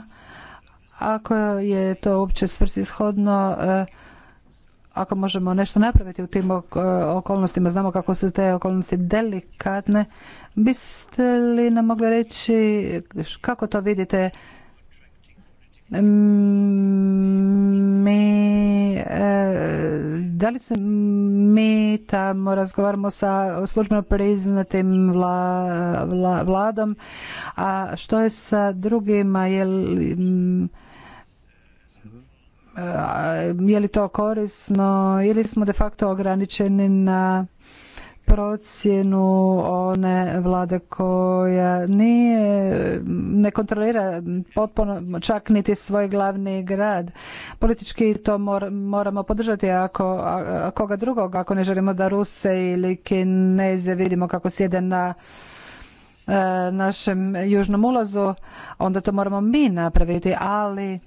ako je to uopće svrsishodno, e, ako možemo nešto napraviti u tim eh, okolnostima, znamo kako su te okolnosti delikatne, biste li nam mogli reći kako to vidite? Mm, mi eh, da li se mi tamo razgovaramo sa službeno priznatim vla, vla, vladom a što je sa drugima jel je li to korisno ili smo de facto ograničeni na procjenu one vlade koja nije, ne kontrolira potpuno čak niti svoj glavni grad. Politički to moramo podržati ako koga drugog, ako ne želimo da Ruse ili Kineze vidimo kako sjede na e, našem južnom ulazu, onda to moramo mi napraviti, ali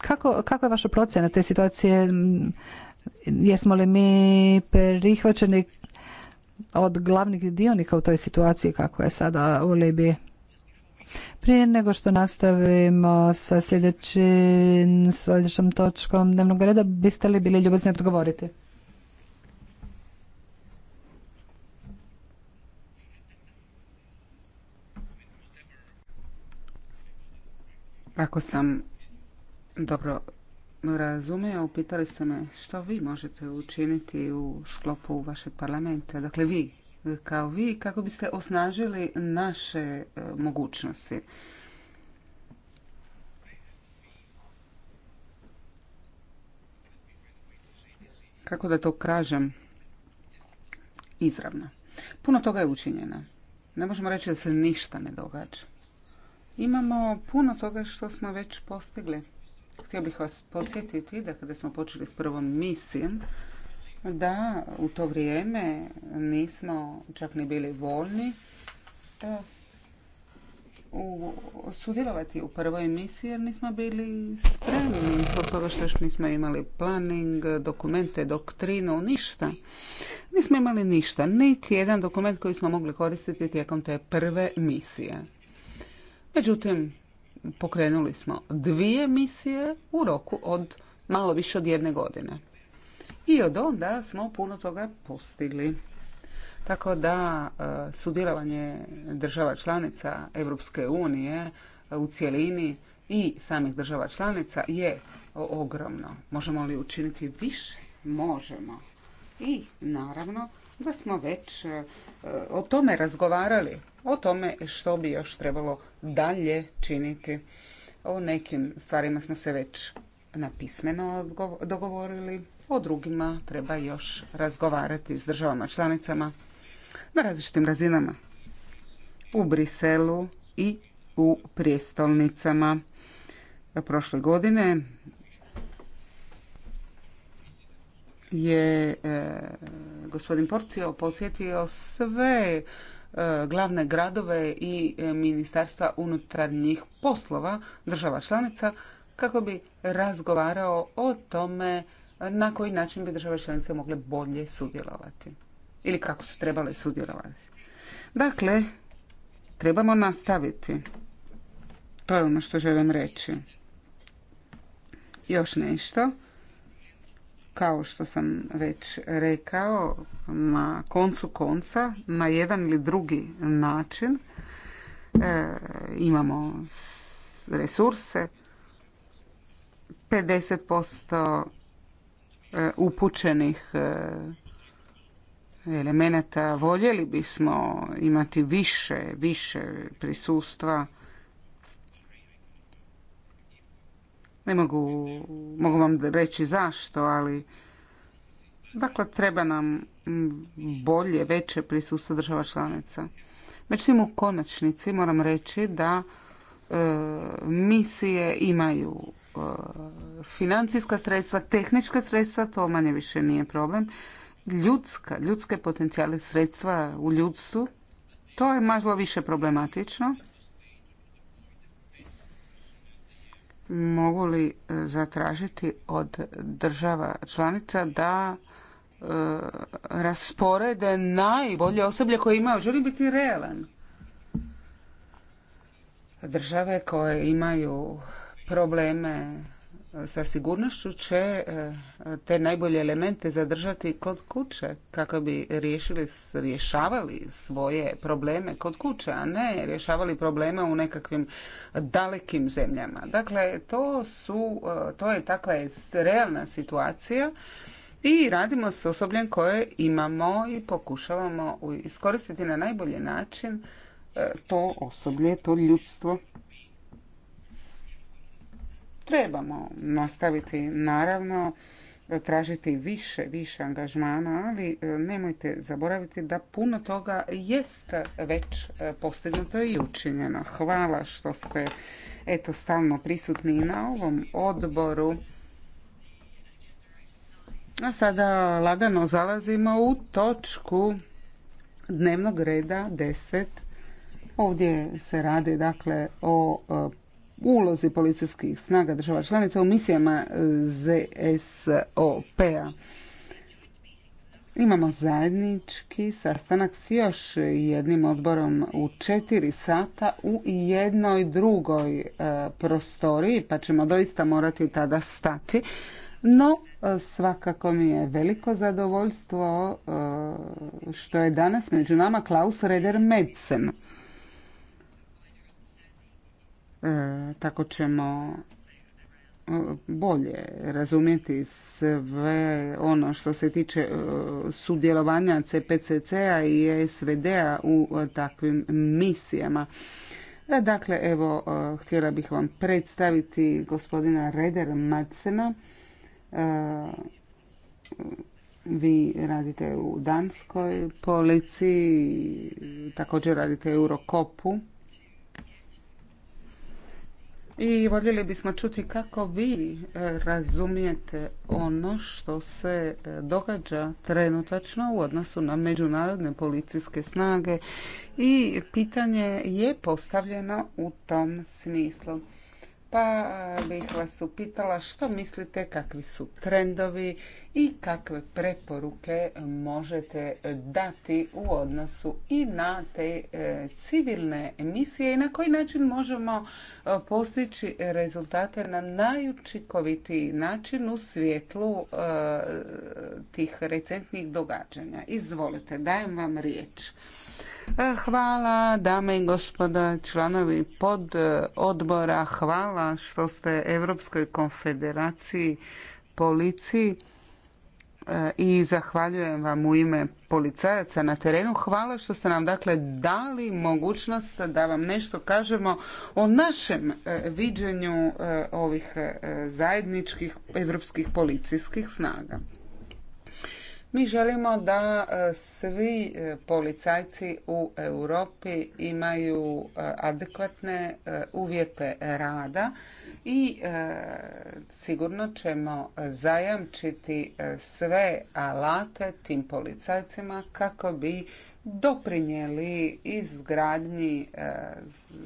kako, kako je vaša procjena te situacije? Mm, jesmo li mi prihvaćeni od glavnih dionika u toj situaciji kako je sada u Libiji? Prije nego što nastavimo sa sljedećim, sljedećom točkom dnevnog reda, biste li bili ljubazni odgovoriti? Ako sam dobro razumijem. upitali ste me što vi možete učiniti u sklopu vašeg parlamenta, dakle vi kao vi, kako biste osnažili naše e, mogućnosti. Kako da to kažem? Izravno. Puno toga je učinjeno. Ne možemo reći da se ništa ne događa. Imamo puno toga što smo već postigli. Htio bih vas podsjetiti da kada smo počeli s prvom misijom, da u to vrijeme nismo čak ni bili voljni e, sudjelovati u prvoj misiji jer nismo bili spremni zbog toga što još nismo imali planning, dokumente, doktrinu, ništa. Nismo imali ništa, niti jedan dokument koji smo mogli koristiti tijekom te prve misije. Međutim, pokrenuli smo dvije misije u roku od malo više od jedne godine. I od onda smo puno toga postigli. Tako da e, sudjelovanje država članica Europske unije e, u cjelini i samih država članica je ogromno. Možemo li učiniti više? Možemo. I naravno da smo već e, o tome razgovarali, o tome što bi još trebalo dalje činiti. O nekim stvarima smo se već napismeno dogovorili, o drugima treba još razgovarati s državama članicama na različitim razinama. U Briselu i u prijestolnicama. Prošle godine je e, gospodin Porcio podsjetio sve e, glavne gradove i e, ministarstva unutarnjih poslova država članica kako bi razgovarao o tome na koji način bi države članice mogle bolje sudjelovati ili kako su trebale sudjelovati. Dakle, trebamo nastaviti. To je ono što želim reći. Još nešto kao što sam već rekao, na koncu konca, na jedan ili drugi način e, imamo resurse, 50% e, upućenih e, elemenata voljeli bismo imati više, više prisustva Ne mogu, mogu vam reći zašto, ali dakle treba nam bolje, veće prisustvo država članica. Međutim, u konačnici moram reći da e, misije imaju e, financijska sredstva, tehnička sredstva, to manje više nije problem. Ljudska, ljudske potencijale sredstva u ljudstvu, to je malo više problematično. mogu li e, zatražiti od država članica da e, rasporede najbolje osoblje koje imaju. Želim biti realan. Države koje imaju probleme sa sigurnošću će eh, te najbolje elemente zadržati kod kuće kako bi riješili, rješavali svoje probleme kod kuće, a ne rješavali probleme u nekakvim dalekim zemljama. Dakle, to, su, eh, to je takva realna situacija i radimo s osobljem koje imamo i pokušavamo iskoristiti na najbolji način eh, to osoblje, to ljudstvo Trebamo nastaviti naravno tražiti više, više angažmana, ali e, nemojte zaboraviti da puno toga jest već e, postignuto i učinjeno. Hvala što ste eto stalno prisutni na ovom odboru. A sada lagano zalazimo u točku dnevnog reda 10. Ovdje se radi dakle o e, ulozi policijskih snaga država članica u misijama e, ZSOP-a. Imamo zajednički sastanak s još jednim odborom u četiri sata u jednoj drugoj e, prostoriji, pa ćemo doista morati tada stati. No, e, svakako mi je veliko zadovoljstvo što je danas među nama Klaus Reder Medsen. E, tako ćemo e, bolje razumjeti sve ono što se tiče e, sudjelovanja CPCC-a i SVD-a u takvim misijama. Dakle, evo, htjela bih vam predstaviti gospodina Reder Madsena. Vi radite u Danskoj policiji, također radite u Eurokopu i voljeli bismo čuti kako vi e, razumijete ono što se e, događa trenutačno u odnosu na međunarodne policijske snage i pitanje je postavljeno u tom smislu pa eh, bih vas upitala što mislite kakvi su trendovi i kakve preporuke možete dati u odnosu i na te eh, civilne emisije i na koji način možemo eh, postići rezultate na najučinkovitiji način u svjetlu tih recentnih događanja. Izvolite, dajem vam riječ. Hvala dame i gospoda članovi pod odbora. Hvala što ste Europskoj konfederaciji policiji e, i zahvaljujem vam u ime policajaca na terenu. Hvala što ste nam dakle dali mogućnost da vam nešto kažemo o našem e, viđenju e, ovih zajedničkih europskih policijskih snaga. Mi želimo da e, svi e, policajci u Europi imaju e, adekvatne uvjete rada i sigurno ćemo zajamčiti sve alate tim policajcima kako bi doprinijeli izgradnji e,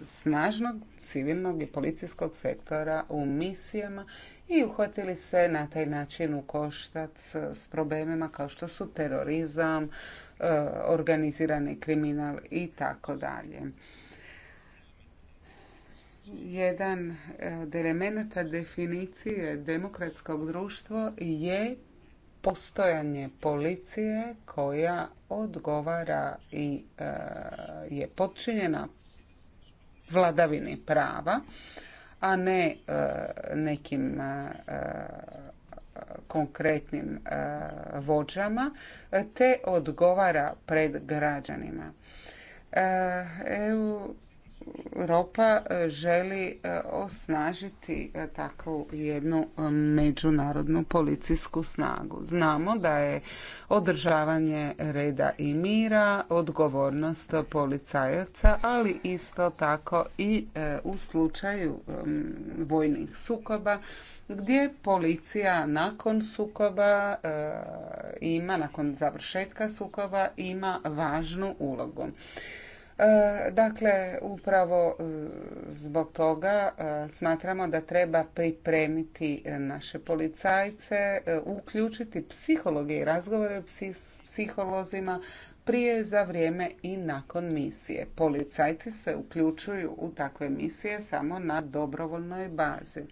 snažnog civilnog i policijskog sektora u misijama i uhvatili se na taj način u koštac s problemima kao što su terorizam, e, organizirani kriminal i tako dalje. Jedan od elemenata definicije demokratskog društva je postojanje policije koja odgovara i e, je podčinjena vladavini prava, a ne e, nekim e, konkretnim vođama, te odgovara pred građanima. Europa e, želi e, osnažiti e, takvu jednu međunarodnu policijsku snagu. Znamo da je održavanje reda i mira odgovornost policajaca, ali isto tako i u slučaju vojnih sukoba gdje policija nakon sukoba ima, nakon završetka sukoba ima važnu ulogu. E, dakle, upravo e, zbog toga e, smatramo da treba pripremiti naše policajce, uključiti psihologe i razgovore s psiholozima prije, za vrijeme i nakon misije. Policajci se uključuju u takve misije samo na dobrovoljnoj bazi.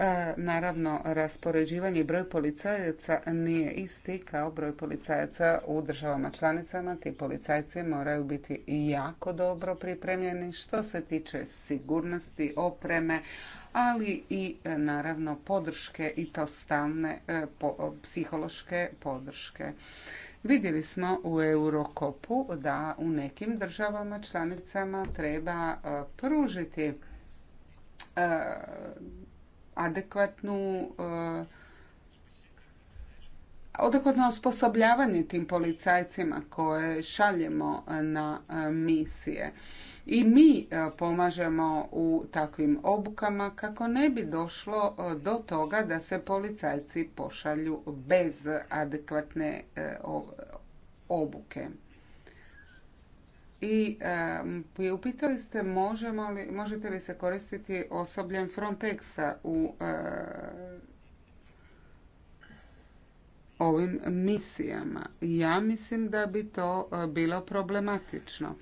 E, naravno, raspoređivanje broj policajaca nije isti kao broj policajaca u državama članicama. Ti policajci moraju biti jako dobro pripremljeni što se tiče sigurnosti, opreme, ali i e, naravno podrške i to stalne e, psihološke podrške. Vidjeli smo u Eurokopu da u nekim državama članicama treba pružiti adekvatnu e, adekvatno osposobljavanje tim policajcima koje šaljemo na e, misije. I mi e, pomažemo u takvim obukama kako ne bi došlo do toga da se policajci pošalju bez adekvatne obuke i upitali ste možemo li, možete li se koristiti osobljem Frontexa u eh, ovim misijama. Ja mislim da bi to eh, bilo problematično.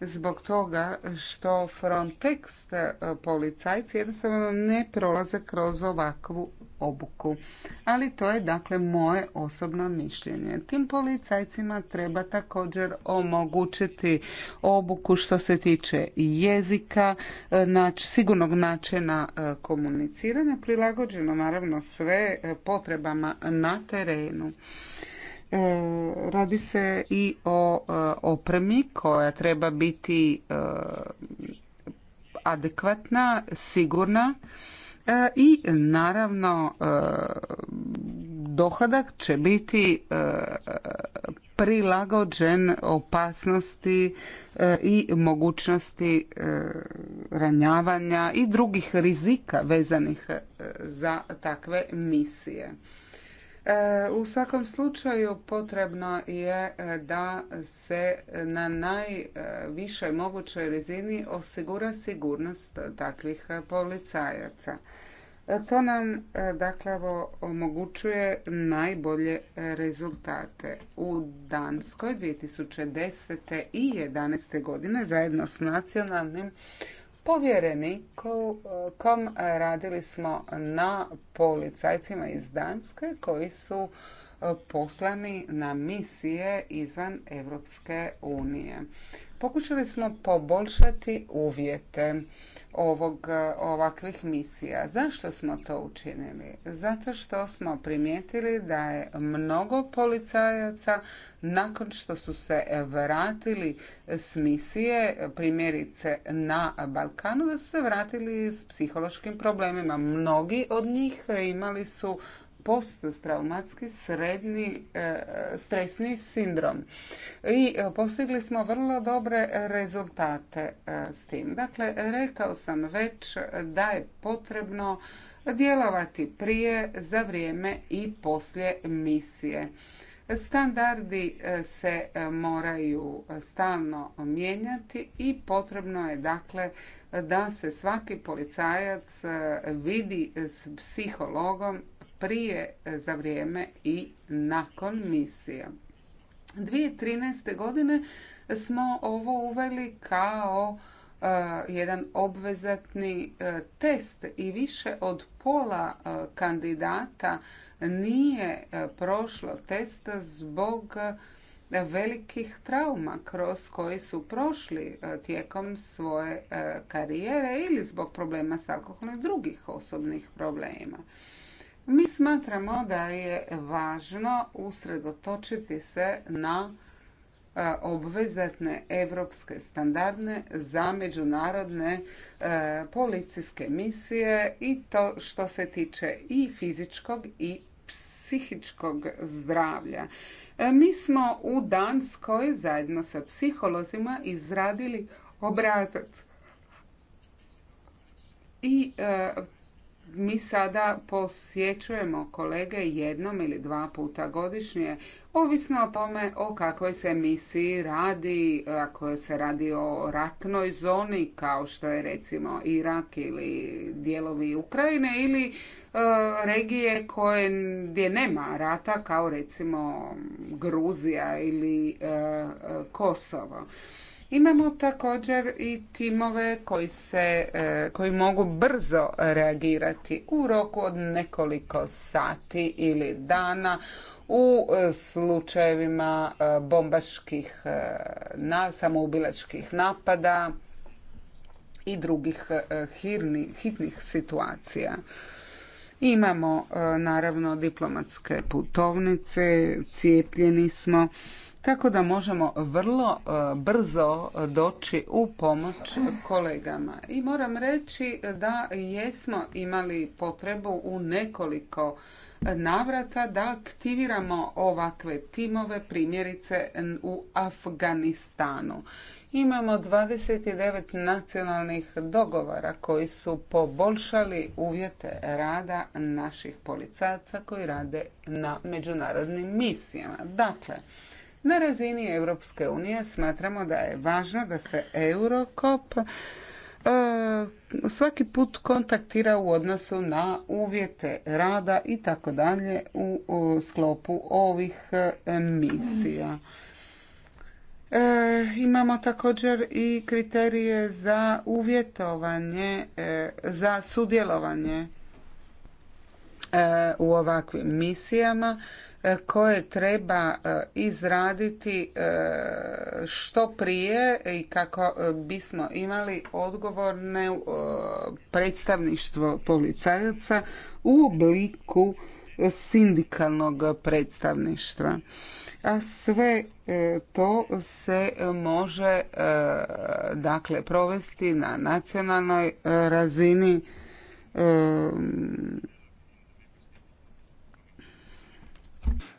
Zbog toga što Frontex eh, policajci jednostavno ne prolaze kroz ovakvu obuku. Ali to je dakle moje osobno mišljenje. Tim policajcima treba također omogućiti obuku što se tiče jezika, e, nač, sigurnog načina e, komuniciranja, prilagođeno naravno sve e, potrebama na terenu. Radi se i o opremi koja treba biti adekvatna, sigurna E, i naravno e, dohodak će biti e, prilagođen opasnosti i mogućnosti ranjavanja i drugih rizika vezanih za takve misije. U svakom slučaju potrebno je da se na najvišoj mogućoj razini osigura sigurnost takvih policajaca. To nam e, dakle omogućuje najbolje e, rezultate. U Danskoj 2010. i 2011. godine zajedno s nacionalnim povjerenikom radili smo na policajcima iz Danske koji su e, poslani na misije izvan Europske unije. Pokušali smo poboljšati uvjete ovakvih misija. Zašto smo to učinili? Zato što smo primijetili da je mnogo policajaca nakon što su se vratili s misije, primjerice na Balkanu, da su se vratili s psihološkim problemima. Mnogi od njih imali su posttraumatski srednji e, stresni sindrom. I e, postigli smo vrlo dobre rezultate e, s tim. Dakle, rekao sam već da je potrebno djelovati prije, za vrijeme i poslije misije. Standardi se moraju stalno mijenjati i potrebno je dakle da se svaki policajac vidi s psihologom prije, e, za vrijeme i nakon misije. 2013. godine smo ovo uveli kao e, jedan obvezatni e, test i više od pola kandidata nije prošlo testa zbog velikih trauma kroz koji su prošli tijekom svoje karijere ili zbog problema s alkoholom i drugih osobnih problema. Mi smatramo da je važno usredotočiti se na e, obvezatne evropske standardne za međunarodne e, policijske misije i to što se tiče i fizičkog i psihičkog zdravlja. E, mi smo u Danskoj zajedno sa psiholozima izradili obrazac i mi sada posjećujemo kolege jednom ili dva puta godišnje, ovisno o tome o kakvoj se misiji radi, ako se radi o ratnoj zoni kao što je recimo Irak ili dijelovi Ukrajine ili e, regije koje gdje nema rata kao recimo Gruzija ili e, e, Kosovo. Imamo također i timove koji, se, e, koji mogu brzo reagirati u roku od nekoliko sati ili dana u e, slučajevima e, bombaških, samoubilačkih napada i drugih hitnih situacija. Imamo naravno diplomatske putovnice, cijepljeni smo tako da možemo vrlo e, brzo doći u pomoć kolegama. I moram reći da jesmo imali potrebu u nekoliko navrata da aktiviramo ovakve timove, primjerice u Afganistanu. Imamo 29 nacionalnih dogovora koji su poboljšali uvjete rada naših policajaca koji rade na međunarodnim misijama. Dakle, na razini Europske unije smatramo da je važno da se Eurokop e, svaki put kontaktira u odnosu na uvjete rada i tako dalje u sklopu ovih e, misija. E, imamo također i kriterije za uvjetovanje, za sudjelovanje u ovakvim misijama E, koje treba e, izraditi e, što prije i kako bismo imali odgovorne predstavništvo policajaca u obliku sindikalnog predstavništva. A sve to se može dakle provesti na nacionalnoj razini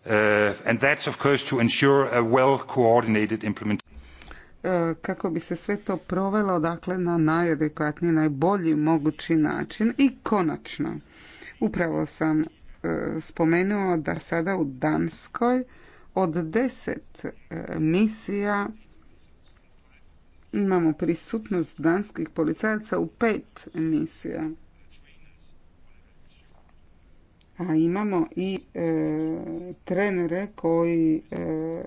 Uh, and that's of course to ensure a well coordinated implementation uh, kako bi se sve to provelo dakle na najadekvatniji, najbolji mogući način i konačno. Upravo sam uh, spomenuo da sada u Danskoj od deset misija imamo prisutnost danskih policajaca u pet misija. A imamo i e, trenere koji e,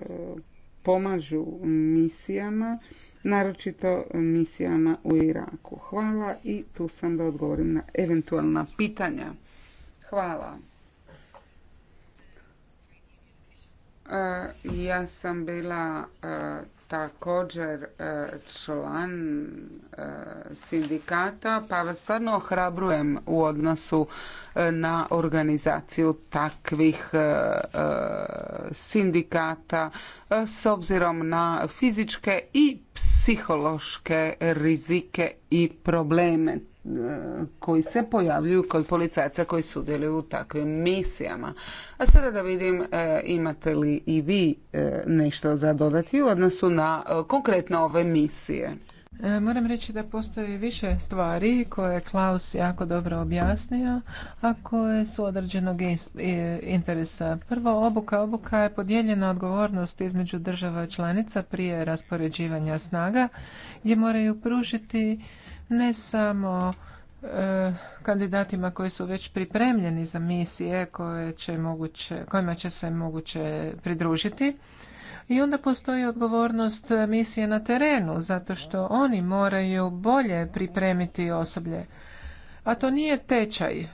pomažu misijama, naročito misijama u Iraku. Hvala i tu sam da odgovorim na eventualna pitanja. Hvala. E, ja sam bila također e, član e, sindikata, pa vas stvarno ohrabrujem u odnosu e, na organizaciju takvih sindikata s obzirom na fizičke i psihološke rizike i probleme koji se pojavljuju kod policajaca koji sudjeluju u takvim misijama. A sada da vidim e, imate li i vi e, nešto za dodati u odnosu na e, konkretno ove misije. E, moram reći da postoji više stvari koje je Klaus jako dobro objasnio, a koje su određenog interesa. Prvo, obuka. Obuka je podijeljena odgovornost između država članica prije raspoređivanja snaga, gdje moraju pružiti ne samo e, kandidatima koji su već pripremljeni za misije koje će moguće, kojima će se moguće pridružiti, i onda postoji odgovornost misije na terenu, zato što oni moraju bolje pripremiti osoblje. A to nije tečaj,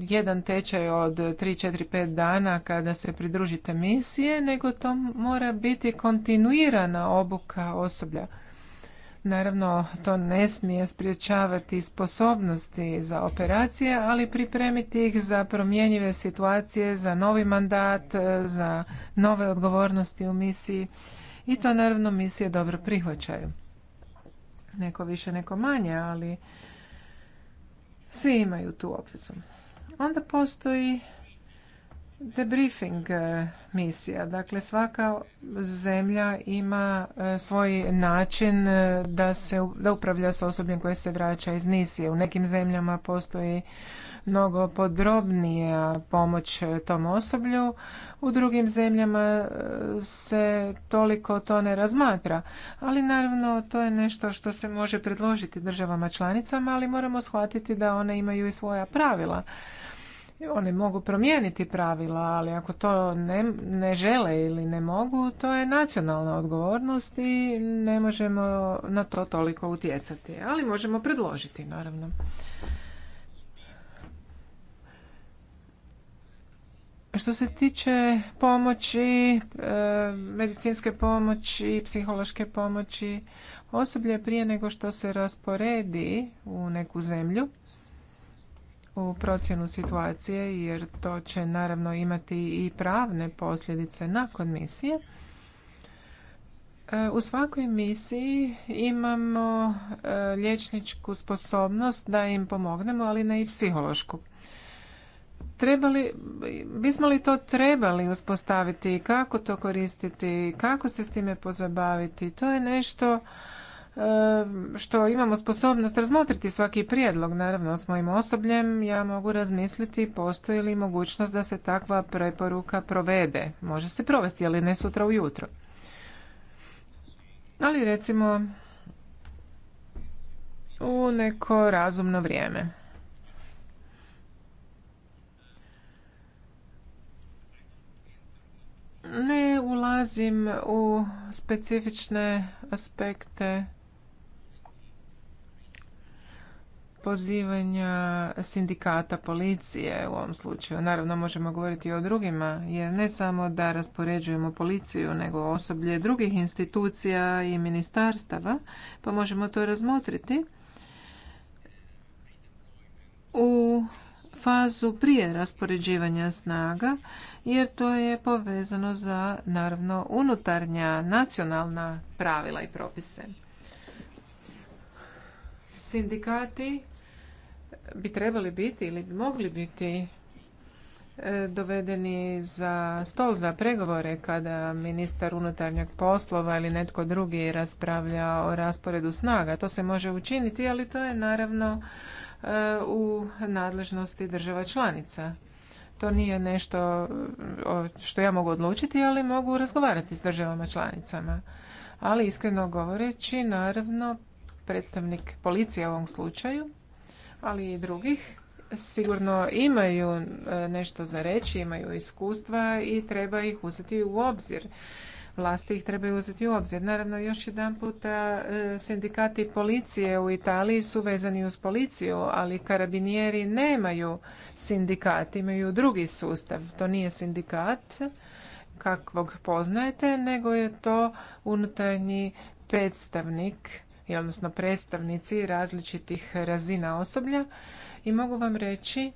jedan tečaj od 3, 4, 5 dana kada se pridružite misije, nego to mora biti kontinuirana obuka osoblja. Naravno, to ne smije spriječavati sposobnosti za operacije, ali pripremiti ih za promjenjive situacije, za novi mandat, e, za nove odgovornosti u misiji i to naravno misije dobro prihvaćaju. Neko više, neko manje, ali svi imaju tu obvezu. Onda postoji debriefing e, misija. Dakle, svaka zemlja ima e, svoj način e, da, se, da upravlja s osobljem koje se vraća iz misije. U nekim zemljama postoji mnogo podrobnija pomoć tom osoblju. U drugim zemljama se toliko to ne razmatra. Ali naravno to je nešto što se može predložiti državama članicama, ali moramo shvatiti da one imaju i svoja pravila. Oni mogu promijeniti pravila, ali ako to ne, ne žele ili ne mogu, to je nacionalna odgovornost i ne možemo na to toliko utjecati. Ali možemo predložiti, naravno. Što se tiče pomoći, e, medicinske pomoći, psihološke pomoći, osoblje prije nego što se rasporedi u neku zemlju, u procjenu situacije jer to će naravno imati i pravne posljedice nakon misije. E, u svakoj misiji imamo e, liječničku sposobnost da im pomognemo, ali ne i psihološku. Trebali, bismo li to trebali uspostaviti, kako to koristiti, kako se s time pozabaviti, to je nešto što imamo sposobnost razmotriti svaki prijedlog. Naravno, s mojim osobljem ja mogu razmisliti postoji li mogućnost da se takva preporuka provede. Može se provesti, ali ne sutra ujutro. Ali recimo u neko razumno vrijeme. Ne ulazim u specifične aspekte pozivanja sindikata policije u ovom slučaju. Naravno možemo govoriti i o drugima jer ne samo da raspoređujemo policiju nego osoblje drugih institucija i ministarstava pa možemo to razmotriti u fazu prije raspoređivanja snaga jer to je povezano za naravno unutarnja nacionalna pravila i propise sindikati bi trebali biti ili mogli biti e, dovedeni za stol za pregovore kada ministar unutarnjeg poslova ili netko drugi raspravlja o rasporedu snaga. To se može učiniti, ali to je naravno e, u nadležnosti država članica. To nije nešto što ja mogu odlučiti, ali mogu razgovarati s državama članicama. Ali iskreno govoreći, naravno, predstavnik policije u ovom slučaju ali i drugih, sigurno imaju e, nešto za reći, imaju iskustva i treba ih uzeti u obzir. Vlasti ih treba uzeti u obzir. Naravno, još jedan puta e, sindikati policije u Italiji su vezani uz policiju, ali karabinjeri nemaju sindikat, imaju drugi sustav. To nije sindikat kakvog poznajete, nego je to unutarnji predstavnik odnosno predstavnici različitih razina osoblja i mogu vam reći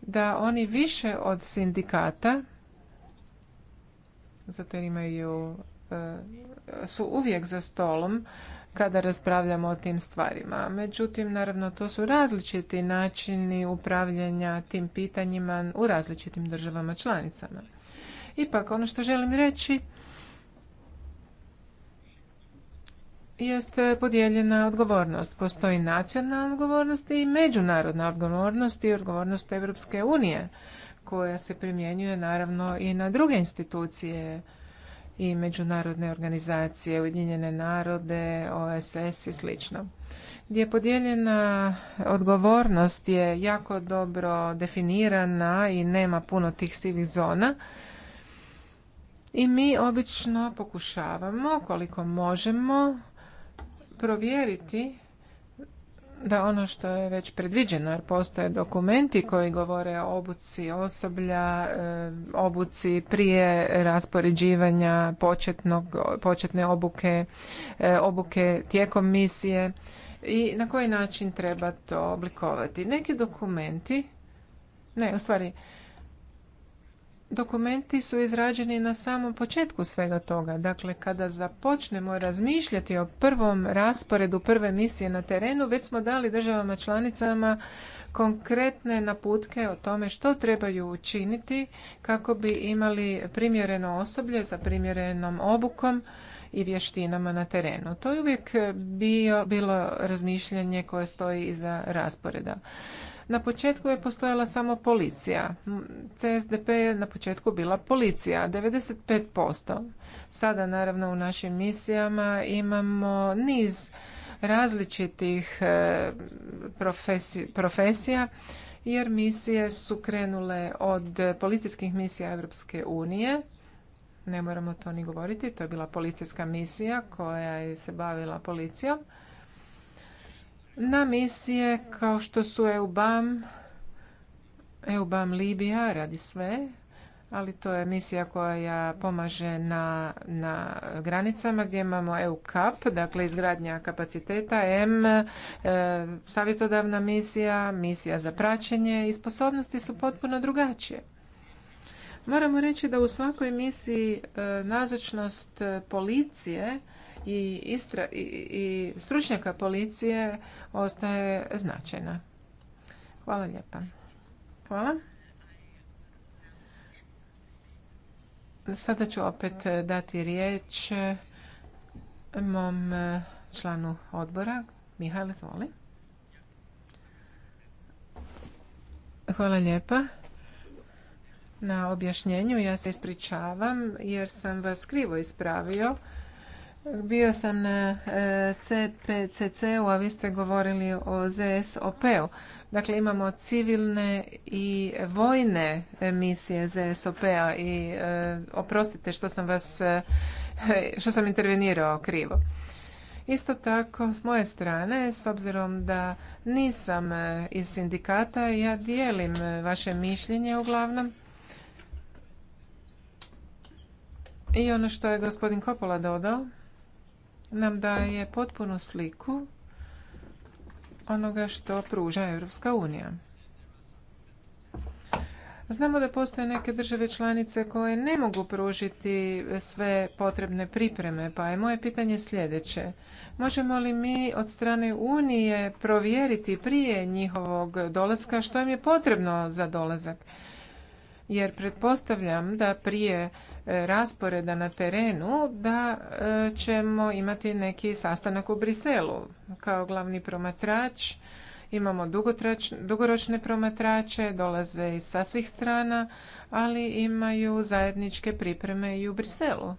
da oni više od sindikata zato jer imaju e, su uvijek za stolom kada raspravljamo o tim stvarima. Međutim, naravno, to su različiti načini upravljanja tim pitanjima u različitim državama članicama. Ipak, ono što želim reći jest e, podijeljena odgovornost. Postoji nacionalna odgovornost i međunarodna odgovornost i odgovornost Europske unije koja se primjenjuje naravno i na druge institucije i međunarodne organizacije, Ujedinjene narode, OSS i sl. Gdje je podijeljena odgovornost je jako dobro definirana i nema puno tih sivih zona. I mi obično pokušavamo koliko možemo provjeriti da ono što je već predviđeno, jer postoje dokumenti koji govore o obuci osoblja, e, obuci prije raspoređivanja početnog, početne obuke, e, obuke tijekom misije i na koji način treba to oblikovati. Neki dokumenti, ne, u stvari, dokumenti su izrađeni na samom početku svega toga. Dakle, kada započnemo razmišljati o prvom rasporedu prve misije na terenu, već smo dali državama članicama konkretne naputke o tome što trebaju učiniti kako bi imali primjereno osoblje sa primjerenom obukom i vještinama na terenu. To je uvijek bilo razmišljanje koje stoji iza rasporeda. Na početku je postojala samo policija. CSDP je na početku bila policija, 95%. Sada naravno u našim misijama imamo niz različitih e, profesija jer misije su krenule od policijskih misija Europske unije. Ne moramo to ni govoriti, to je bila policijska misija koja je se bavila policijom na misije kao što su EUBAM, EUBAM Libija radi sve, ali to je misija koja pomaže na, na granicama gdje imamo EUCAP, dakle izgradnja kapaciteta, M, e, savjetodavna misija, misija za praćenje i sposobnosti su potpuno drugačije. Moramo reći da u svakoj misiji e, nazočnost policije i, istra, i, stručnjaka policije ostaje značajna. Hvala lijepa. Hvala. Sada ću opet dati riječ mom članu odbora. Mihajl, izvoli. Hvala lijepa na objašnjenju. Ja se ispričavam jer sam vas krivo ispravio. Bio sam na e, CPCC-u, a vi ste govorili o ZSOP-u. Dakle, imamo civilne i vojne misije ZSOP-a i e, oprostite što sam vas, e, što sam intervenirao krivo. Isto tako, s moje strane, s obzirom da nisam iz sindikata, ja dijelim vaše mišljenje uglavnom. I ono što je gospodin Kopola dodao, nam daje potpunu sliku onoga što pruža Europska unija. Znamo da postoje neke države članice koje ne mogu pružiti sve potrebne pripreme, pa je moje pitanje sljedeće. Možemo li mi od strane Unije provjeriti prije njihovog dolaska što im je potrebno za dolazak? Jer pretpostavljam da prije rasporeda na terenu da e, ćemo imati neki sastanak u Briselu. Kao glavni promatrač imamo dugoročne promatrače, dolaze iz sa svih strana, ali imaju zajedničke pripreme i u Briselu.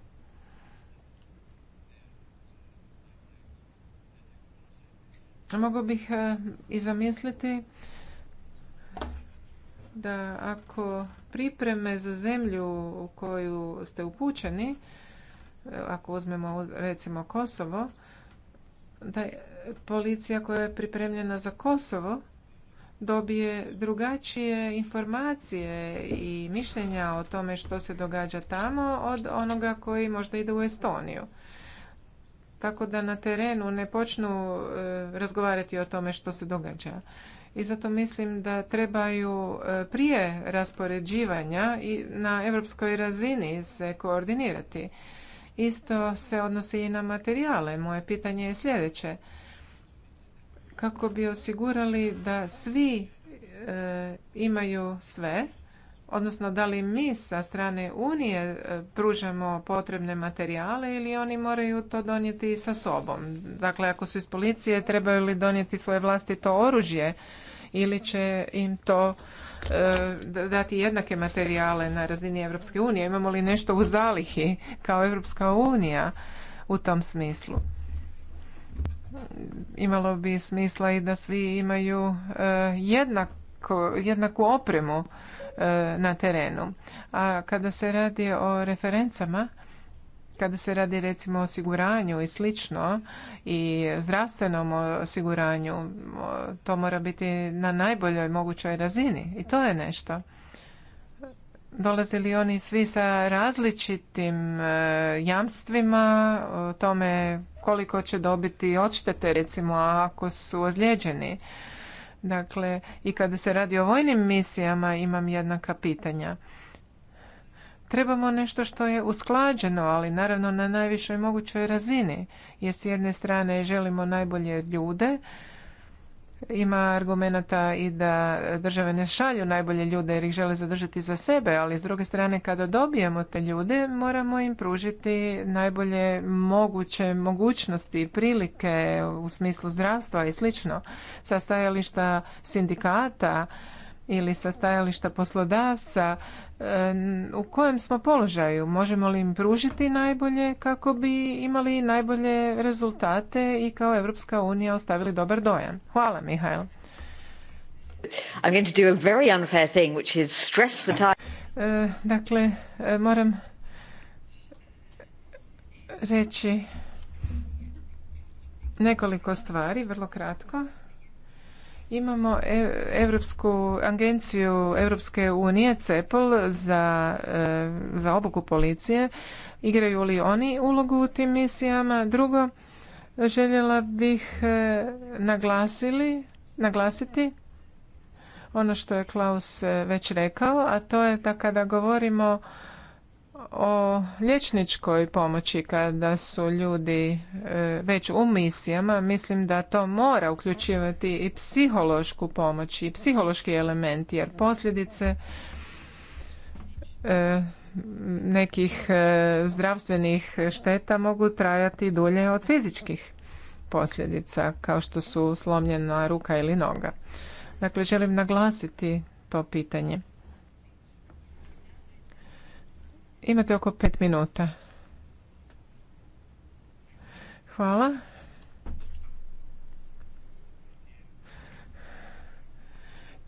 Mogu bih e, i zamisliti da ako pripreme za zemlju u koju ste upućeni, e, ako uzmemo recimo Kosovo, da policija koja je pripremljena za Kosovo dobije drugačije informacije i mišljenja o tome što se događa tamo od onoga koji možda ide u Estoniju. Tako da na terenu ne počnu e, razgovarati o tome što se događa i zato mislim da trebaju e, prije raspoređivanja i na europskoj razini se koordinirati. Isto se odnosi i na materijale. Moje pitanje je sljedeće. Kako bi osigurali da svi e, imaju sve, odnosno da li mi sa strane Unije e, pružamo potrebne materijale ili oni moraju to donijeti sa sobom. Dakle, ako su iz policije, trebaju li donijeti svoje vlastito oružje ili će im to e, dati jednake materijale na razini Europske unije. Imamo li nešto u zalihi kao Europska unija u tom smislu? Imalo bi smisla i da svi imaju e, jednak jednako, jednaku opremu e, na terenu. A kada se radi o referencama, kada se radi recimo o osiguranju i slično i zdravstvenom osiguranju, to mora biti na najboljoj mogućoj razini i to je nešto. Dolaze li oni svi sa različitim e, jamstvima o tome koliko će dobiti odštete recimo ako su ozlijeđeni? Dakle, i kada se radi o vojnim misijama imam jednaka pitanja. Trebamo nešto što je usklađeno, ali naravno na najvišoj mogućoj razini. Jer s jedne strane želimo najbolje ljude, ima argumenata i da države ne šalju najbolje ljude jer ih žele zadržati za sebe, ali s druge strane kada dobijemo te ljude moramo im pružiti najbolje moguće mogućnosti, i prilike u smislu zdravstva i slično. Sa stajališta sindikata ili sa stajališta poslodavca u kojem smo položaju, možemo li im pružiti najbolje kako bi imali najbolje rezultate i kao Europska unija ostavili dobar dojam. Hvala Mihajl. I'm going to do a very unfair thing, which is stress the time. dakle, moram reći nekoliko stvari, vrlo kratko. Imamo Europsku agenciju Europske unije, CEPOL, e, za, obuku policije. Igraju li oni ulogu u tim misijama? Drugo, željela bih e, naglasili, naglasiti ono što je Klaus e, već rekao, a to je da kada govorimo o liječničkoj pomoći kada su ljudi e, već u misijama, mislim da to mora uključivati i psihološku pomoć i psihološki element jer posljedice e, nekih e, zdravstvenih šteta mogu trajati dulje od fizičkih posljedica kao što su slomljena ruka ili noga. Dakle, želim naglasiti to pitanje. Imate oko pet minuta. Hvala.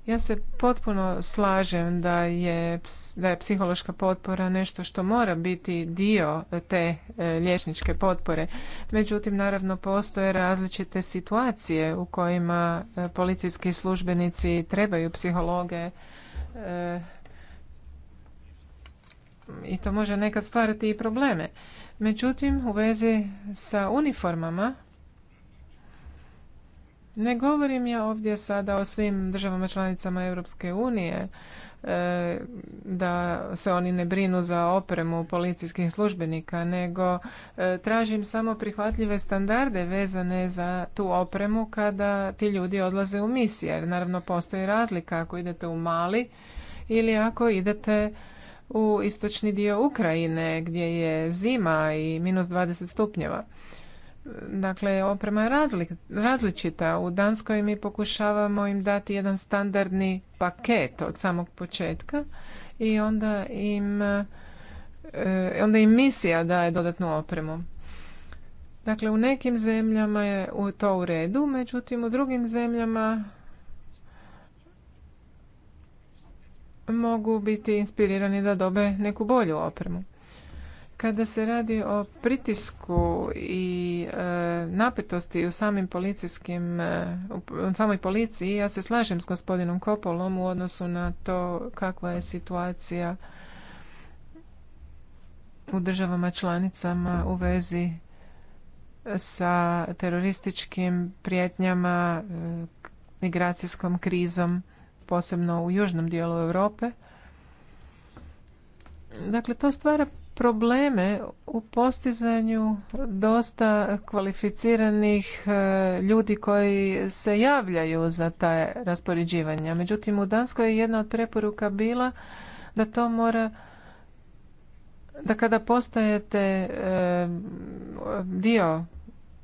Ja se potpuno slažem da je, da psihološka potpora nešto što mora biti dio te e, liječničke potpore. Međutim, naravno, postoje različite situacije u kojima e, policijski službenici trebaju psihologe e, i to može nekad stvarati i probleme. Međutim, u vezi sa uniformama, ne govorim ja ovdje sada o svim državama članicama Europske unije, e, da se oni ne brinu za opremu policijskih službenika, nego e, tražim samo prihvatljive standarde vezane za tu opremu kada ti ljudi odlaze u misije. Jer naravno postoji razlika ako idete u mali ili ako idete u istočni dio Ukrajine gdje je zima i minus 20 stupnjeva. Dakle, oprema je različita. U Danskoj mi pokušavamo im dati jedan standardni paket od samog početka i onda im, e, onda im misija daje dodatnu opremu. Dakle, u nekim zemljama je to u redu, međutim u drugim zemljama mogu biti inspirirani da dobe neku bolju opremu. Kada se radi o pritisku i e, napetosti u samim policijskim, e, u samoj policiji, ja se slažem s gospodinom Kopolom u odnosu na to kakva je situacija u državama članicama u vezi sa terorističkim prijetnjama, e, migracijskom krizom posebno u južnom dijelu Europe. Dakle, to stvara probleme u postizanju dosta kvalificiranih e, ljudi koji se javljaju za ta raspoređivanja. Međutim, u Danskoj je jedna od preporuka bila da to mora da kada postajete e, dio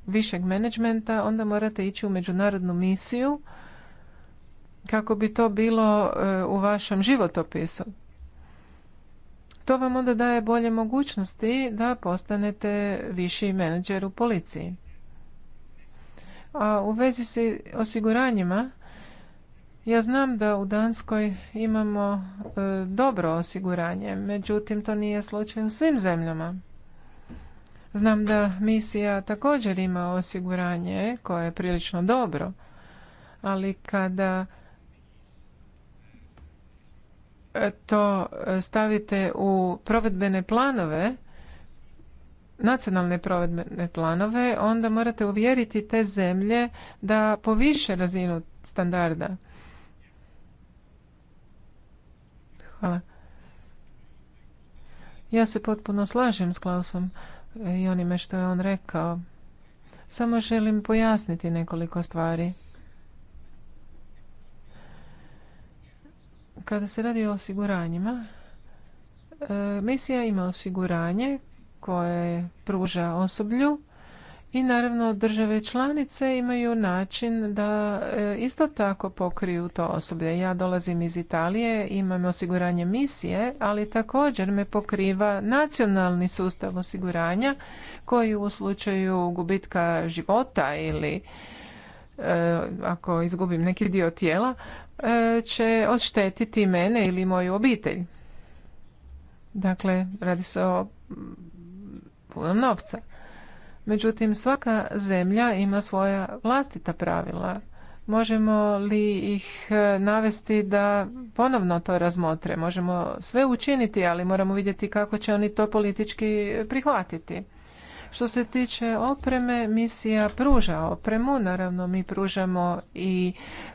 višeg menadžmenta, onda morate ići u međunarodnu misiju kako bi to bilo e, u vašem životopisu. To vam onda daje bolje mogućnosti da postanete viši menadžer u policiji. A u vezi s osiguranjima, ja znam da u Danskoj imamo e, dobro osiguranje, međutim to nije slučaj u svim zemljama. Znam da misija također ima osiguranje koje je prilično dobro, ali kada to stavite u provedbene planove, nacionalne provedbene planove, onda morate uvjeriti te zemlje da poviše razinu standarda. Hvala. Ja se potpuno slažem s Klausom i onime što je on rekao. Samo želim pojasniti nekoliko stvari. Kada se radi o osiguranjima, e, misija ima osiguranje koje pruža osoblju i naravno države članice imaju način da e, isto tako pokriju to osoblje. Ja dolazim iz Italije, imam osiguranje misije, ali također me pokriva nacionalni sustav osiguranja koji u slučaju gubitka života ili e, ako izgubim neki dio tijela E, će odštetiti mene ili moju obitelj. Dakle, radi se o puno novca. Međutim, svaka zemlja ima svoja vlastita pravila. Možemo li ih e, navesti da ponovno to razmotre? Možemo sve učiniti, ali moramo vidjeti kako će oni to politički prihvatiti. Što se tiče opreme, misija pruža opremu, naravno mi pružamo i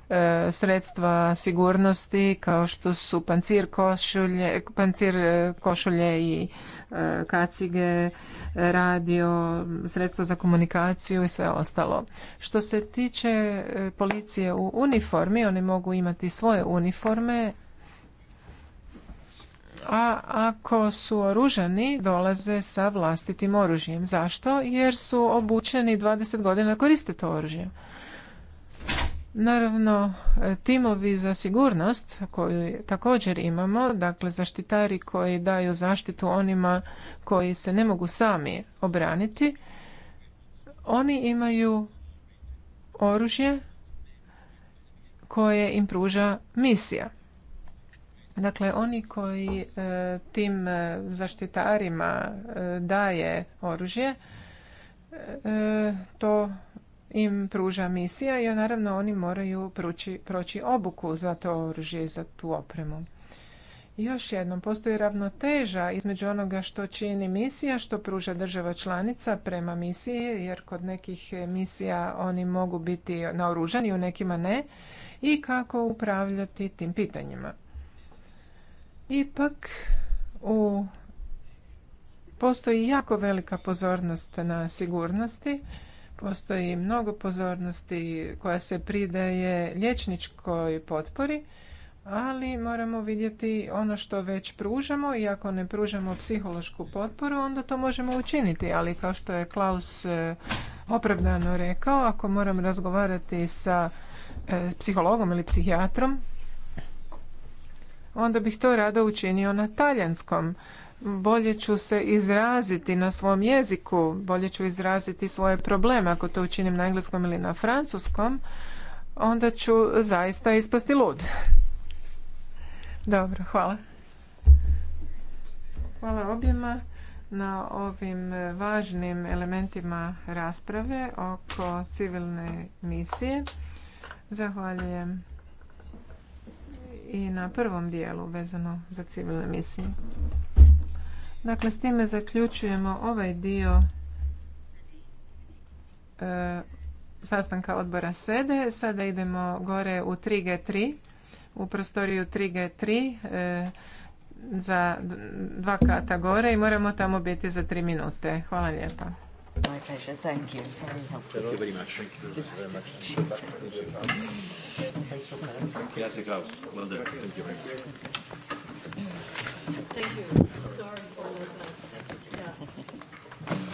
e, sredstva sigurnosti kao što su pancir košulje, pancir e, košulje i e, kacige, radio, sredstva za komunikaciju i sve ostalo. Što se tiče policije u uniformi, oni mogu imati svoje uniforme a ako su oružani dolaze sa vlastitim oružjem. Zašto? Jer su obučeni 20 godina koriste to oružje. Naravno, timovi za sigurnost koju također imamo, dakle zaštitari koji daju zaštitu onima koji se ne mogu sami obraniti, oni imaju oružje koje im pruža misija. Dakle, oni koji e, tim e, zaštitarima e, daje oružje, to im pruža misija i naravno oni moraju proći, proći obuku za to oružje i za tu opremu. još jednom, postoji ravnoteža između onoga što čini misija, što pruža država članica prema misiji, jer kod nekih misija oni mogu biti naoružani, u nekima ne, i kako upravljati tim pitanjima. Ipak u postoji jako velika pozornost na sigurnosti. Postoji mnogo pozornosti koja se pridaje liječničkoj potpori, ali moramo vidjeti ono što već pružamo i ako ne pružamo psihološku potporu, onda to možemo učiniti. Ali kao što je Klaus e, opravdano rekao, ako moram razgovarati sa e, psihologom ili psihijatrom, onda bih to rado učinio na talijanskom. Bolje ću se izraziti na svom jeziku, bolje ću izraziti svoje probleme. Ako to učinim na engleskom ili na francuskom, onda ću zaista ispasti lud. Dobro, hvala. Hvala objema na ovim važnim elementima rasprave oko civilne misije. Zahvaljujem i na prvom dijelu vezano za civilne misije. Dakle, s time zaključujemo ovaj dio e, sastanka odbora sede. Sada idemo gore u 3G3, u prostoriju 3G3 e, za dva kata gore i moramo tamo biti za tri minute. Hvala lijepa. My pleasure. Thank you. Very helpful. Thank you very much. Thank you very much. Well done. Thank you very much. Thank you. Sorry for the